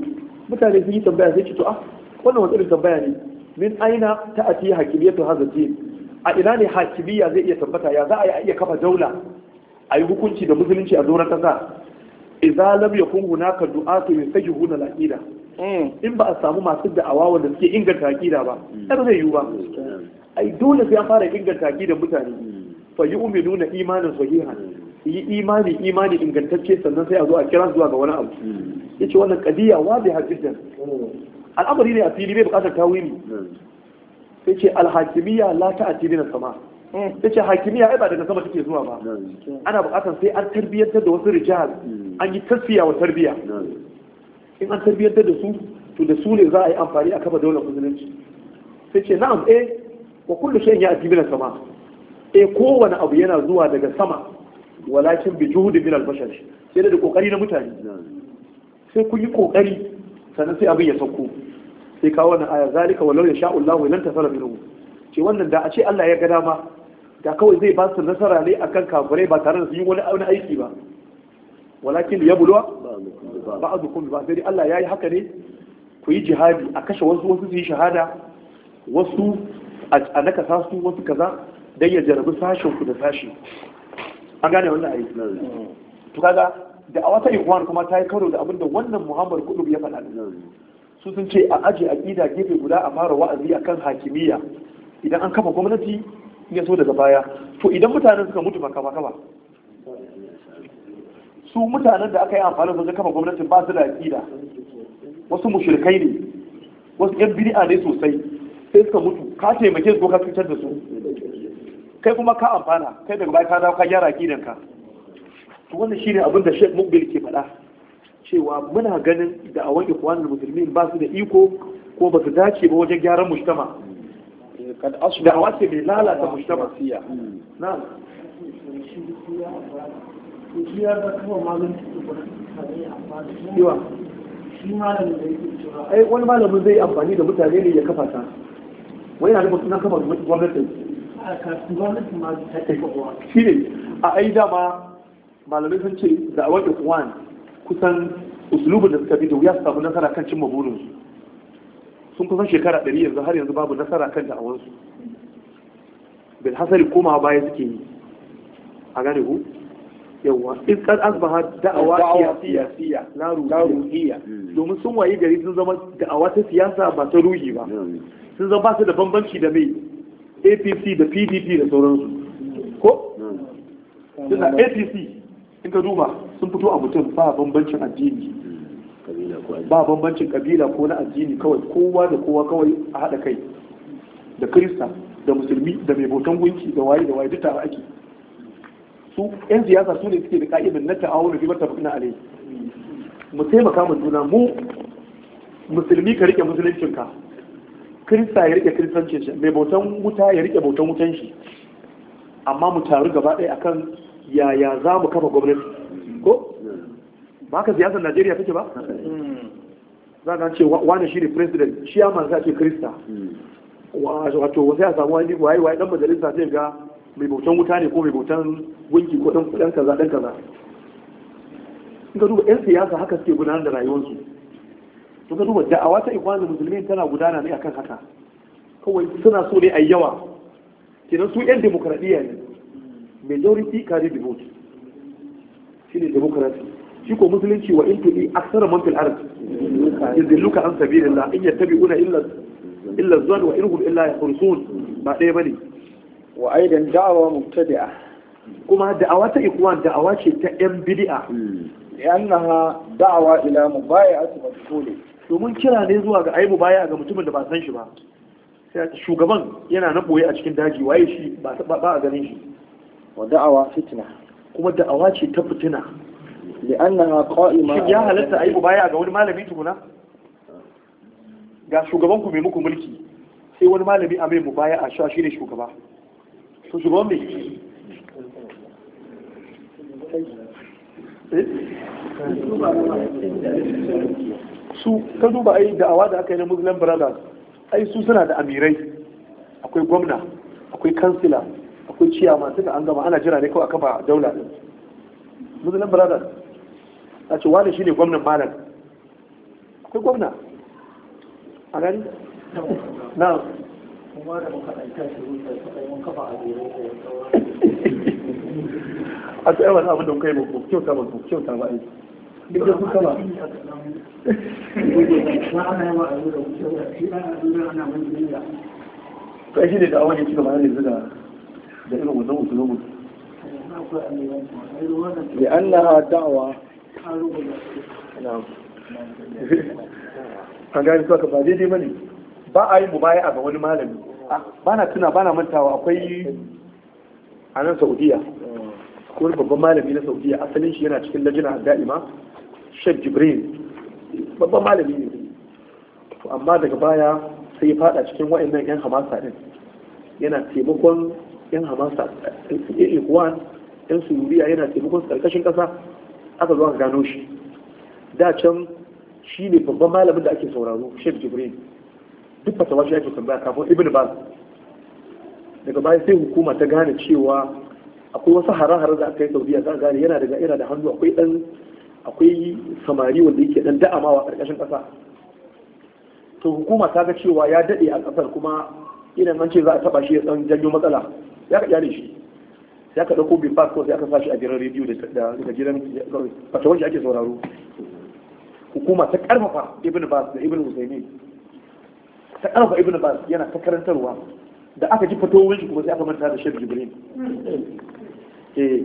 mutane sun yi tambaya sai ce to ah wannan wani irin tambaya ne min aina ta ati hakimiyatu hadha din a ina ne hakimiyya zai iya tabbata ya za a iya kafa daula a yi hukunci da musulunci a doron kasa idza lam yakun hunaka du'atu yusajihuna al-aqida hmm. in ba a samu masu da'awa wanda suke inganta aqida ba kar zai yiwu ba ai dole sai an fara inganta aqidar mutane hmm. fa yu'minuna imanan sahihan yi imani imani ingantacce sannan sai a zo a kira zuwa ga wani abu hmm. yace wannan qadiya wa bi hadisan hmm. al'amari ne a fili bai bukatar tawili sai hmm. ce alhakimiyya la ta'ati min sama yace hakimiyya ai ba daga sama take zuwa ba ana bukatar sai an tarbiyyantar da wasu rijal an yi tasfiya wa tarbiyya. in an tarbiyyantar da su to da su ne za a yi amfani a kafa daular musulunci sai ce na'am eh wa kullu shay'in ya'ti min sama eh kowane abu yana zuwa daga sama walakin bi juhudi min al sai da kokari na mutane sai kun yi kokari sannan sai abin ya sauko sai kawo wannan aya zalika walau ya sha'u Allah lan tasara minhu ce wannan da a ce Allah ya ga dama da kawai zai ba su nasara ne akan kafirai ba tare da su yi wani aiki ba walakin ya bulwa ba'dukum ba sai Allah yayi haka ne ku yi jihadi a kashe wasu wasu su yi shahada wasu a nakasa su wasu kaza dan ya jarabi sashen ku da sashi an gane wannan ayi hmm. to kaga da a wata ikwan kuma ta yi karo da abinda wannan muhammad Kudu ya faɗa su sun ce a aje ƙida gefe guda a fara wa'azi a kan hakimiyya idan an kafa gwamnati ya so daga baya to idan mutanen suka mutu ba kama kama su mutanen da aka yi amfani wajen kafa gwamnatin ba su da ƙida wasu mushrikai ne wasu yan bid'a ne sosai sai suka mutu ka taimake su ko ka fitar da su kai kuma ka amfana kai daga baya ka dawo ka gyara gidanka to wannan shine abin da Sheikh Mukbil ke faɗa cewa muna ganin da awan ikwanul muslimin ba su da iko ko ba su dace ba wajen gyaran mujtama da awace bai lalata mujtama na wani malamin zai amfani da mutane ne ya kafa ta wani na mutum na kafa gwamnatin shi ne a ai dama malamai sun ce da awon ikwan kusan usulubin da suka bi da wuya su samu nasara kan cimma burinsu sun kusan shekara ɗari yanzu har yanzu babu nasara kan da'awansu bil hasari koma baya suke yi a gane ku yawwa in kan asbaha da'awa siyasiya na ruhiyya hmm. domin sun waye gari sun zama da'awa ta siyasa ba ta ruhi ba hmm. sun zama ba su da bambanci da mai apc da pdp da sauransu ko suna apc in ka duba sun fito a mutum ba bambancin addini ba bambancin kabila ko na addini kawai kowa da kowa kawai a haɗa kai da kirista da musulmi da mai bautan gunki da waye da waye duk tare ake su yan siyasa su ne suke da ka'idar na ta'awun da mata na alai mu taimaka mu juna mu musulmi ka rike musuluncinka kirista ya rike kiristanci shi mai bautan wuta ya rike bautan wutan shi amma mu taru gaba ɗaya akan yaya za mu kafa gwamnati ko ba ka siyasar najeriya take ba za ka ce wani shi ne president shi ya manza ce kirista wato wasu ya samu wani waye waye dan majalisa zai ga mai bautan wuta ne ko mai bautan gunki ko dan kaza dan kaza in ka duba yan siyasa haka suke gudanar da rayuwarsu to ka duba da'awa ta ikwanin musulmin tana gudana ne akan haka kawai suna so ne a yawa kenan su yan demokradiyya ne majority carry the vote shi ne democracy shi ko musulunci wa in tudi aksara man fil ard yadilluka an sabilillah in yattabi'una illa illa zan wa inhum illa yakhrusun ba ɗaya bane wa aidan da'awa mubtadi'a kuma da'awa ta ikwan da'awa ce ta yan bid'a لأنها دعوة إلى مبايعة مدخول domin kira ne zuwa ga aibu baya ga mutumin da ba san shi ba sai shugaban yana na boye a cikin daji waye shi ba a ganin shi wa da'awa fitna kuma da'awa ce ta fitina li'annaha qa'ima shi ya halatta aibu baya ga wani malami tukuna ga shugaban ku mai muku mulki sai wani malami a mai mubaya baya a sha ne shugaba to shugaban me eh? su ka duba ai awa da aka yi na muslim brothers ai su suna da amirai akwai gwamna akwai kansila akwai ciyama suka an gama ana jira ne kawai a kafa daula din muslim brothers a ce wani shine gwamnan malam akwai gwamna a gani na (laughs) a tsaye wani abin da kai ba kyauta ba kyauta ba aiki duk da kuka ba kai shi ne da awon yanki kamar yanzu da da irin wannan musulmi da annaha da'awa an gani suka ba daidai bane ba a yi mu mubaya ga wani malami ba na tuna ba na mantawa akwai a nan saudiya ko babban malami na saudiya asalin shi yana cikin lajina da'ima shek jibril babban malami ne to amma daga baya sai ya fada cikin wa'annan yan hamasa din yana taimakon yan hamasa yan ikuwan yan suriya yana taimakon karkashin kasa aka zo aka gano shi da can shi ne babban malamin da ake sauraro shek jibril duk fatawa shi ake tambaya kafin ibn baz daga baya sai hukuma ta gane cewa akwai wasu hare-hare da aka yi saudiya za a gane yana da ira da hannu akwai dan akwai samari wanda yake dan da'amawa karkashin kasa to hukuma ta ga cewa ya dade a kasar kuma idan an ce za a taba shi ya dan janyo matsala ya ka kyale shi ya ka dauko bin passport ya ka sa shi a gidan rediyo da da gidan fatawar shi ake sauraro hukuma ta karfafa ibn bas da ibn husaini ta karfafa ibn bas yana ta karantarwa da aka ji fatawar shi kuma sai aka manta da shek jibrin eh,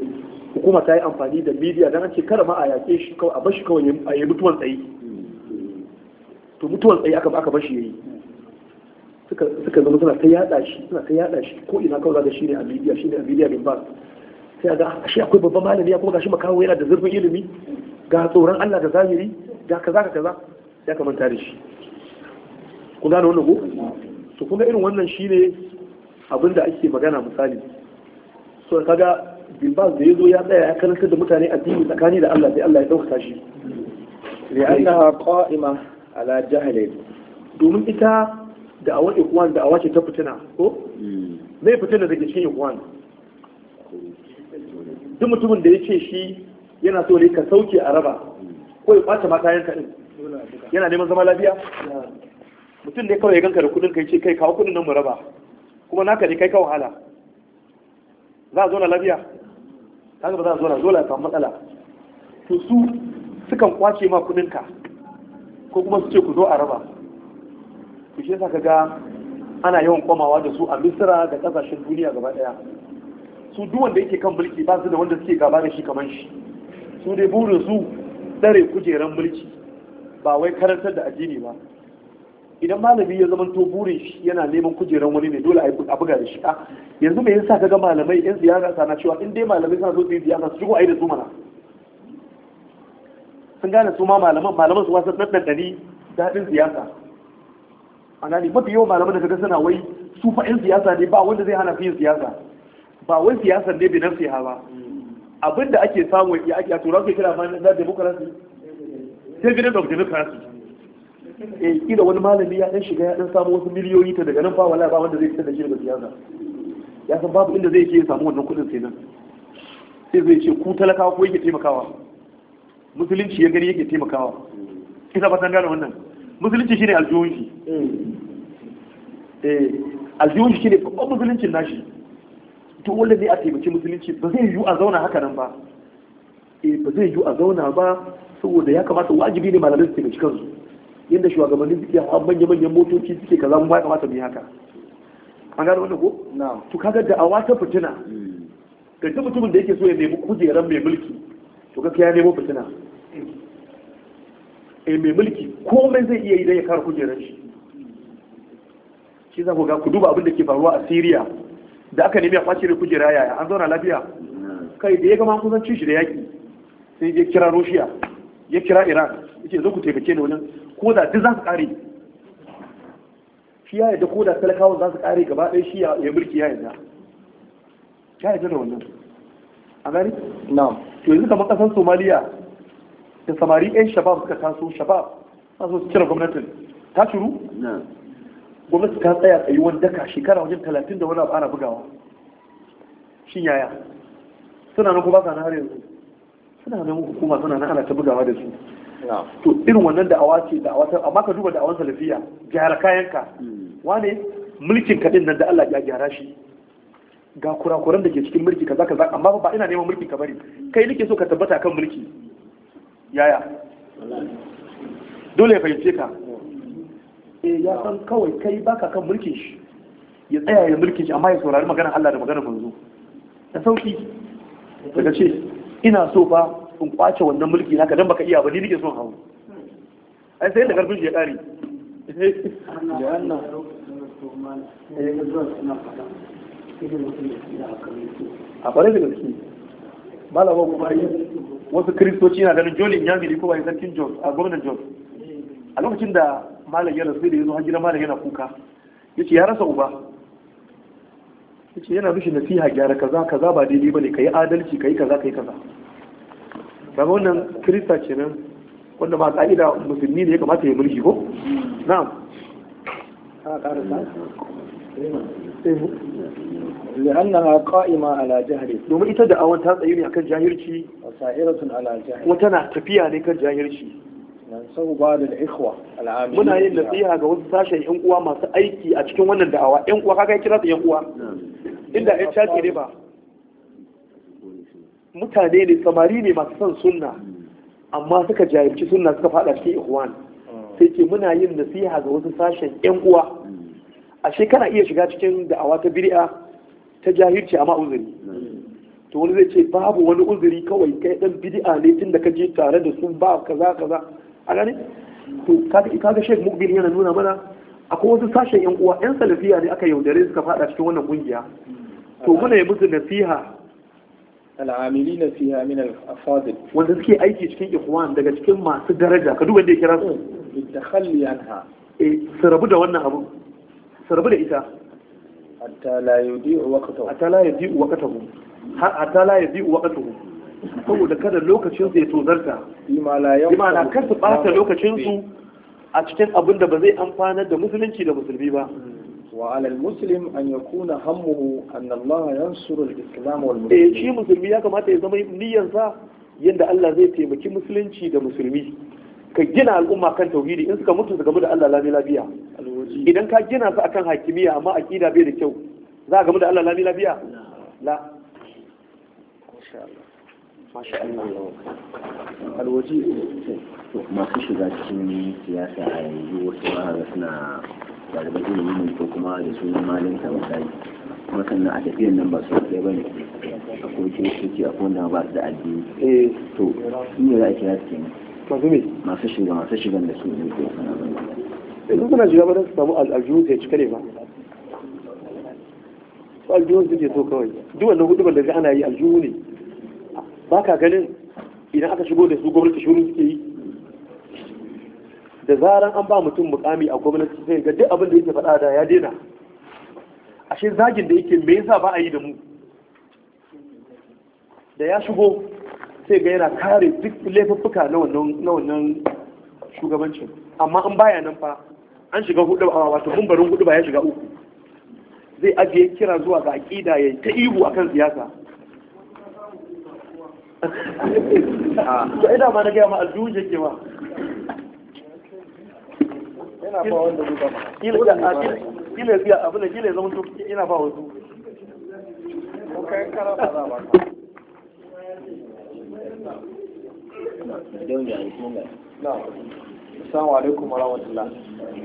hukuma ta yi amfani da media don an ce kada ma a yaƙe shi kawai a bashi kawai a yi mutuwan tsaye to mutuwan tsaye aka baka bashi yayi suka zama suna ta yada shi suna ta yada shi ko ina kawai shi ne a media ne a media bin ba sai ga ah, shi akwai babban malami ya kuma gashi makawo yana da zurfin ilimi ga tsoron Allah da zahiri ga kaza ka kaza ya kamanta da shi ku gane wannan ko to kuma irin wannan shine abinda ake magana misali so kaga bimbas da ya zo ya tsaya ya karantar da mutane addini tsakani da Allah sai Allah ya ɗaukaka shi li'annaha qa'ima ala jahlin domin ita da awa ikwan da awa ce ta fitina ko hmm. me fitina daga cikin ikwan duk mutumin da ya ce shi yana so ne ka sauke a raba ko ya kwace ma kayan din yana neman zama lafiya mutum ne kawai ya ganka da kudin kai ce kai kawo kudin nan mu raba kuma naka ne kai ka wahala za a zo na lafiya kaga ba za a zo na zo a matsala to su sukan kwace ma kudin ka ko kuma su ce ku zo a raba to shi yasa kaga ana yawan komawa da su a Misira da kasashen duniya gaba daya su duk wanda yake kan mulki ba su da wanda suke gaba da shi kamar shi su dai burin su dare kujeran mulki ba wai karantar da addini ba idan malami ya zama to burin shi yana neman kujeran wani ne dole a buga da shi yanzu me yasa kaga malamai yan siyasa sana cewa in dai malamai suna so su yi siyasa su shigo a yi da su mana sun gane su ma malaman malaman su wasu ɗanɗanɗani daɗin siyasa a gane mafi yawan malaman da kaga suna wai su fa yan siyasa ne ba wanda zai hana fi yin siyasa ba wai siyasa ne bi nafsi ha ba abinda ake samu ya ake a turawa ke kira ma na democracy sai of democracy eh kila wani malami ya dan shiga ya dan samu wasu miliyoyi ta daga nan fa wallahi ba wanda zai fita da shi daga siyasa ya san babu inda zai je ya samu wannan kudin sai nan sai zai ce ku talakawa ko yake taimakawa musulunci ya gani yake taimakawa kisa ba san gane wannan musulunci shine aljihun shi eh aljihun shi ne babban musuluncin nashi to wanda ne a taimaki musulunci ba zai yiwu a zauna haka nan ba eh ba zai yiwu a zauna ba saboda ya kamata wajibi ne malamai su taimaki kansu yadda shugabannin suke hawa manya-manyan motoci suke kaza mu ba kamata mu yi haka an gano wannan ko to kaga da awa ta fitina ga hmm. ta mutumin da yake so ya nemi kujeran mai mulki to kaka ya nemo fitina a eh, mai mulki komai zai iya yi dan ya kare kujeran shi shi za ku ga ku duba abin da ke faruwa a Syria da aka nemi a kwace kujera yaya an zauna lafiya kai da ya gama kusan ci shi da yaki sai ya kira Russia ya kira Iran yace zo ku taimake ni wajen ko da duk za su kare shi ya yadda ko da talakawa za su kare gaba ɗaya shi ya mulki ya yadda ya yadda da wannan a gani na'am to yanzu kamar kasar somaliya da samari ɗan shabab suka taso shabab ta so su cire gwamnatin ta shuru gwamnati ta tsaya wani daka shekara wajen talatin da wani abu ana bugawa shin yaya suna nan ko ba sa na har yanzu suna nan hukuma suna nan ana ta bugawa da su to irin wannan da'awa ce da'awa awatar amma ka duba awan salafiya gyara kayanka wane mulkin kadin nan da Allah ya gyara shi ga kurakuran da ke cikin mulki kaza kaza amma ba ina neman mulki ka bari kai nake so ka tabbata kan mulki yaya dole ya fahimce ka eh ya san kawai kai baka kan mulkin shi ya tsaya ya mulki shi amma ya saurari maganar Allah da maganar manzo da sauki daga ce ina so fa in kwace wannan mulki naka dan baka iya ba ni nake son hawo ai sai da karfin shi ya kare a kwarai da gaske malama kuma yi wasu kiristoci na ganin jolin ya mili ko yi sarkin jos a gwamnan jos a lokacin da malam ya rasu da yanzu zo har gidan malam yana kuka ya ce ya rasa uba ya ce yana rushe nasiha gyara kaza kaza ba daidai ba ne ka yi adalci ka yi kaza ka yi kaza kama wannan kirista nan wanda ba ka'ida musulmi ne ya kamata ya mulki ko eh. na لأنها قائمة على جهل لما إتا دعوة تاتيوني أكن جاهرشي وسائرة على جهله وتنا تفيها لك جاهرشي ننسو بعض الإخوة العاملين muna yin nasiha ga wasu sashen yan uwa masu aiki a cikin wannan da'awa yan uwa kaga kira mutane ne samari ne masu son sunna amma suka jayarci sunna suka fada cikin ikhwan sai ce muna yin nasiha ga wasu sashen yan uwa ashe kana iya shiga cikin da'awa ta bid'a ta jahilci amma uzuri to wani zai ce babu wani uzuri kawai kai dan bid'a ne tun da ka tare da su ba kaza kaza a gani? to kaga kaga Sheikh Mukbil yana nuna mana akwai wasu sashen yan uwa yan salafiya ne aka yaudare suka fada cikin wannan kungiya to muna yi musu nasiha al'amilina fiha Amina al-afadil wanda suke aiki cikin ikhwan daga cikin masu daraja ka duba da ya kira su bitakhalli mm. anha eh su rabu da wannan abu su rabu da ita hatta la yudi'u waqtahu hatta la yudi'u waqtahu hatta la yudi'u waqtahu saboda kada lokacin su ya tozarta imana kar su bata lokacin su a cikin abin da ba zai amfanar da musulunci da musulmi ba mm. وعلى المسلم أن يكون همه أن الله ينصر الإسلام والمسلمين إيه شيء مسلمي يا كما تزمي نيا سا يند الله زي تيمكي مسلمين شي ده مسلمي ka gina al'umma kan tauhidi in suka mutu su gamu da Allah lami lafiya idan ka gina su akan hakimiyya amma aqida bai da kyau za a gamu da Allah lami lafiya masu shiga cikin siyasa a yanzu wasu suna ɗaliban ilimi ne ko kuma da sunan malinta misali kuma sannan a tafiyar nan ba su ɗaya ba ne akwai kiristoci a kowane ba su da addini eh to ne za a kira su kenan masu me masu shiga masu shigan da su ne ko sana ba idan suna shiga ba za su samu aljihu sai cika ne ba su aljihun suke so kawai duk wannan hudu da ana yi aljihu ne ba ka ganin idan aka shigo da su gwamnati shirin suke yi da zaran an ba mutum mukami a gwamnati sai ga duk abin da yake faɗa da ya daina ashe zagin da yake me yasa ba a yi da mu da ya shigo sai ga yana kare duk laifuffuka na wannan shugabancin amma an baya nan fa an shiga hudu a wato kumbarin hudu ba ya shiga uku zai ajiye kira zuwa ga aƙida ya ta ihu akan siyasa (laughs) to ina ma na gaya ma a ke ma yana ba wanda zai ba kila ya biya kila ya zama ba wasu Assalamu alaikum wa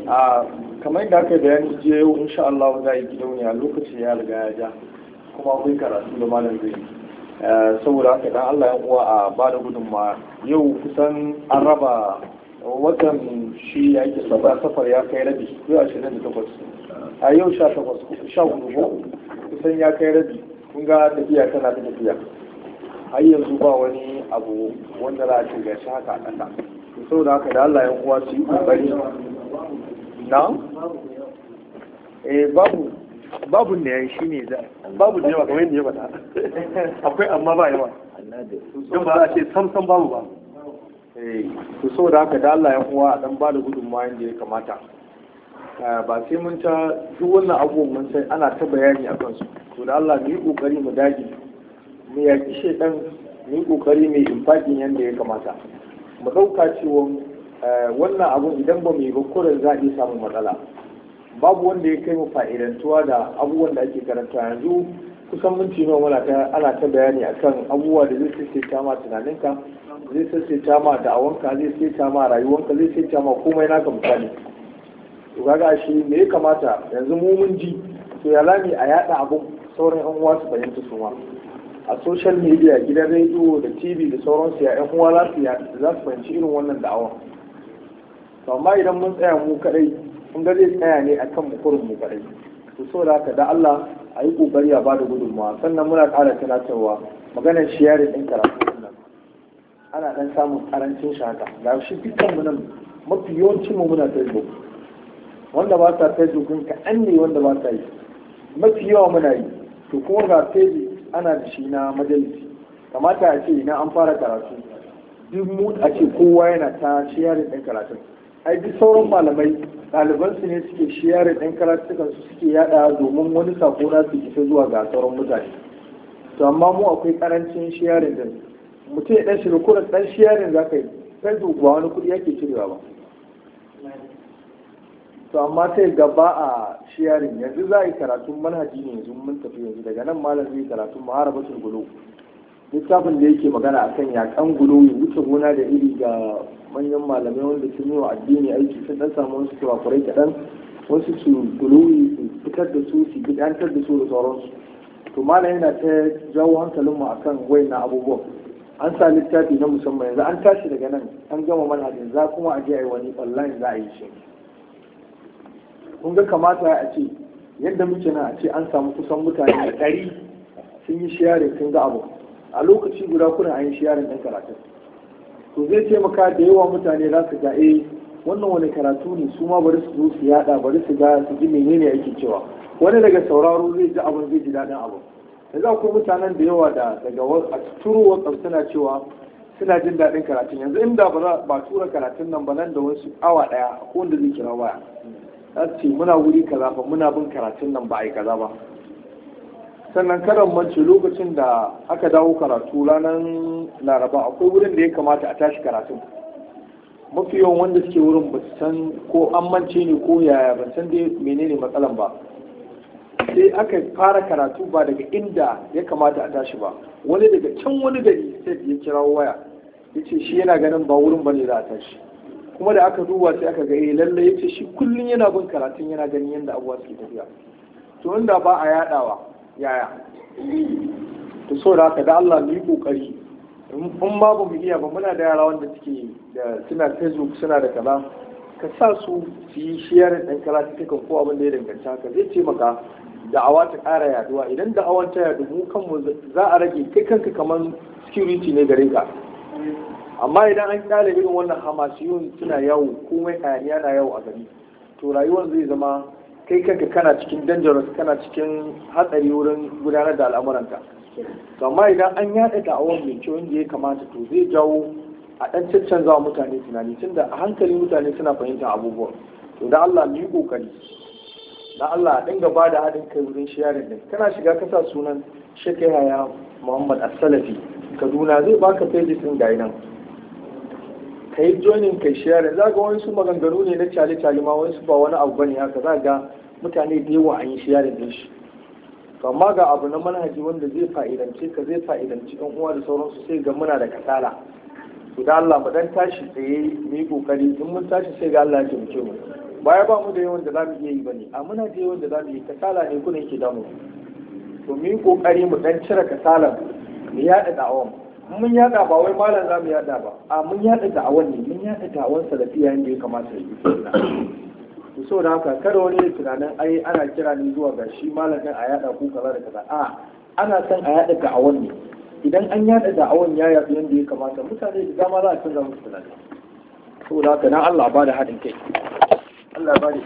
ah, kamar da aka bayani je insha Allah za yi gidauniya lokaci ya riga ya ja kuma akwai karatu da malam zai eh, saboda haka dan Allah ya uwa a bada gudunmawa yau kusan an raba watan shi ya yi safar safar ya kai rabi ko ashirin da takwas a yau sha takwas sha hudu ko kusan ya kai rabi kun ga tafiya tana da tafiya har yanzu ba wani abu wanda za a ce gashi haka a ƙasa saboda haka da Allah ya kuwa su yi ƙoƙari na eh babu babu ne yayi ne za babu da yawa kamar yadda ya faɗa (laughs) akwai amma ba yawa dan ba a ce sam sam babu ba Eh, to so da haka da Allah ya kuwa a dan bada gudunmawa yadda ya kamata eh, ba sai mun ta duk wannan abubuwan mun sai ana ta bayani a kansu to da Allah mu yi kokari mu dage mu yaki shedan mu yi kokari mu infaqin yadda ya kamata mu dauka cewa eh, wannan abun idan ba mu yi ba kuren za a iya samun matsala babu wanda ya kai mu fa'idantuwa da abubuwan da ake karanta yanzu kusan minti nawa muna ta ana ta bayani akan abubuwa da zai ta ma tunaninka zai ta ma da'awanka zai ta ma rayuwanka zai ta ma komai naka misali to kaga shi me ya kamata yanzu mu mun ji to ya lami a yada abun sauran yan uwa su fahimta su ma a social media gidan rediyo da tv da sauransu ya yan uwa za su za su fahimci irin wannan da'awan to amma idan mun tsaya mu kadai kun ga zai tsaya ne akan mu kurin mu kadai to saboda haka da Allah a yi kokari a bada gudunmawa sannan muna ƙara tunatarwa maganar shiyarin ɗin karatu nan ana ɗan samun ƙarancin shata da shi dukkan mu nan mafi yawancin mu muna facebook wanda ba sa facebook ɗin kaɗan ne wanda ba sa yi mafi yawa muna yi to kuma ga facebook ana da shi na majalisi kamata a ce ina an fara karatu duk mu a ce kowa yana ta shiyarin ɗin karatu. ai duk sauran malamai ɗaliban su ne suke da ɗan karatukan su suke yada domin wani sako na su isa zuwa ga sauran mutane to amma mu akwai karancin shiyarin din mutum ya ɗan shiga kuma ɗan shiyarin za ka yi facebook ba wani kuɗi yake cirewa ba to amma sai gaba a shiyarin yanzu za a yi karatun manhaji ne yanzu mun tafi yanzu daga nan malam zai karatun muharabatul gulu littafin da yake magana a kan yakan gulowi wuce gona da iri ga manyan malamai wanda sun yi wa addini aiki sun dan samu wasu kurakurai kaɗan wasu su gulowi su fitar da su su gidantar da su da sauransu to mana yana ta jawo hankalin mu akan waina abubuwa an sa littafi na musamman yanzu an tashi daga nan an gama manhajin za kuma a je a yi wani online za a yi shi kun ga kamata a ce yadda muke na a ce an samu kusan mutane ɗari sun yi sharing sun ga abu a lokaci guda kuna ayin shi sharing ɗan karatun to zai taimaka da yawa mutane za su ga eh wannan wani karatu ne su ma bari su zo su yada bari su ga su ji menene ake cewa wani daga sauraro zai ji abin zai ji daɗin abin yanzu akwai mutanen da yawa da daga a turowa cewa suna jin daɗin karatun yanzu inda ba tura karatun nan ba nan da wasu awa ɗaya ko wanda zai kira waya za su ce muna wuri kaza ba muna bin karatun nan ba a yi kaza ba sannan karan mace lokacin da aka dawo karatu ranar laraba akwai wurin da ya kamata a tashi karatun mafi yawan wanda suke wurin ba su san ko an mance ne ko yaya ba san dai menene matsalan ba sai aka fara karatu ba daga inda ya kamata a tashi ba wani daga can wani gari sai ya kirawo waya ya ce shi yana ganin ba wurin ba ne za a tashi kuma da aka duba sai aka ga eh, lallai ya ce shi kullum yana bin karatun yana ganin yadda abuwa suke tafiya to inda ba a yaɗawa. yaya to so da haka da Allah mu yi kokari in ma ba mu iya ba muna da yara wanda suke da suna facebook suna da kaza ka sa su su yi shiyar dan karatu take ko abin da ya danganta. Ka zai ce maka da'awa ta ƙara yaduwa idan da'awa ta yadu mu kanmu za a rage kai kanka kamar security ne gare ka amma idan an kyale irin wannan hamasiyun suna yawo komai hayaniya na yawo a gari to rayuwar zai zama kai kanka kana cikin dangerous kana cikin hatsari wurin gudanar da al'amuranka to amma idan an yaɗa da'awar mai kyau wanda ya kamata to zai jawo a ɗan caccanza mutane tunani tunda a hankali mutane suna fahimtar abubuwa to da Allah mu yi kokari da Allah dinga ba da haɗin kai wurin sharing din kana shiga kasa sunan Sheikh Yahaya Muhammad As-Salafi Kaduna zai baka page din ga nan kai joining kai sharing zaka wani su maganganu ne na chale chale ma wani su ba wani abu bane haka zaka mutane da yawa an yi shi yarin din shi to amma ga abu na manhaji wanda zai fa'idance ka zai fa'idance ɗan uwa da sauransu sai ga muna da kasala to da Allah mu dan tashi tsaye mu yi kokari in mun tashi sai ga Allah ya taimake mu baya ba mu da yawan da za mu iya yi bane a muna da yawan da za mu yi kasala ne kuna yake damu to mu yi kokari mu dan cire kasalan mu yada da'awan mun yada ba wai malam za mu yada ba a mun yada da'awan ne mun yada da'awan salafiya yadda ya kamata yi so da haka kada wani tunanin ai ana kira ni zuwa ga shi malamin a yada ku kaza da kaza a ana san a yada da'awar ne idan an yada da'awar ya yadu yadda ya kamata mutane da dama za a canza musu tunani so da haka na Allah ba da haɗin kai Allah ba da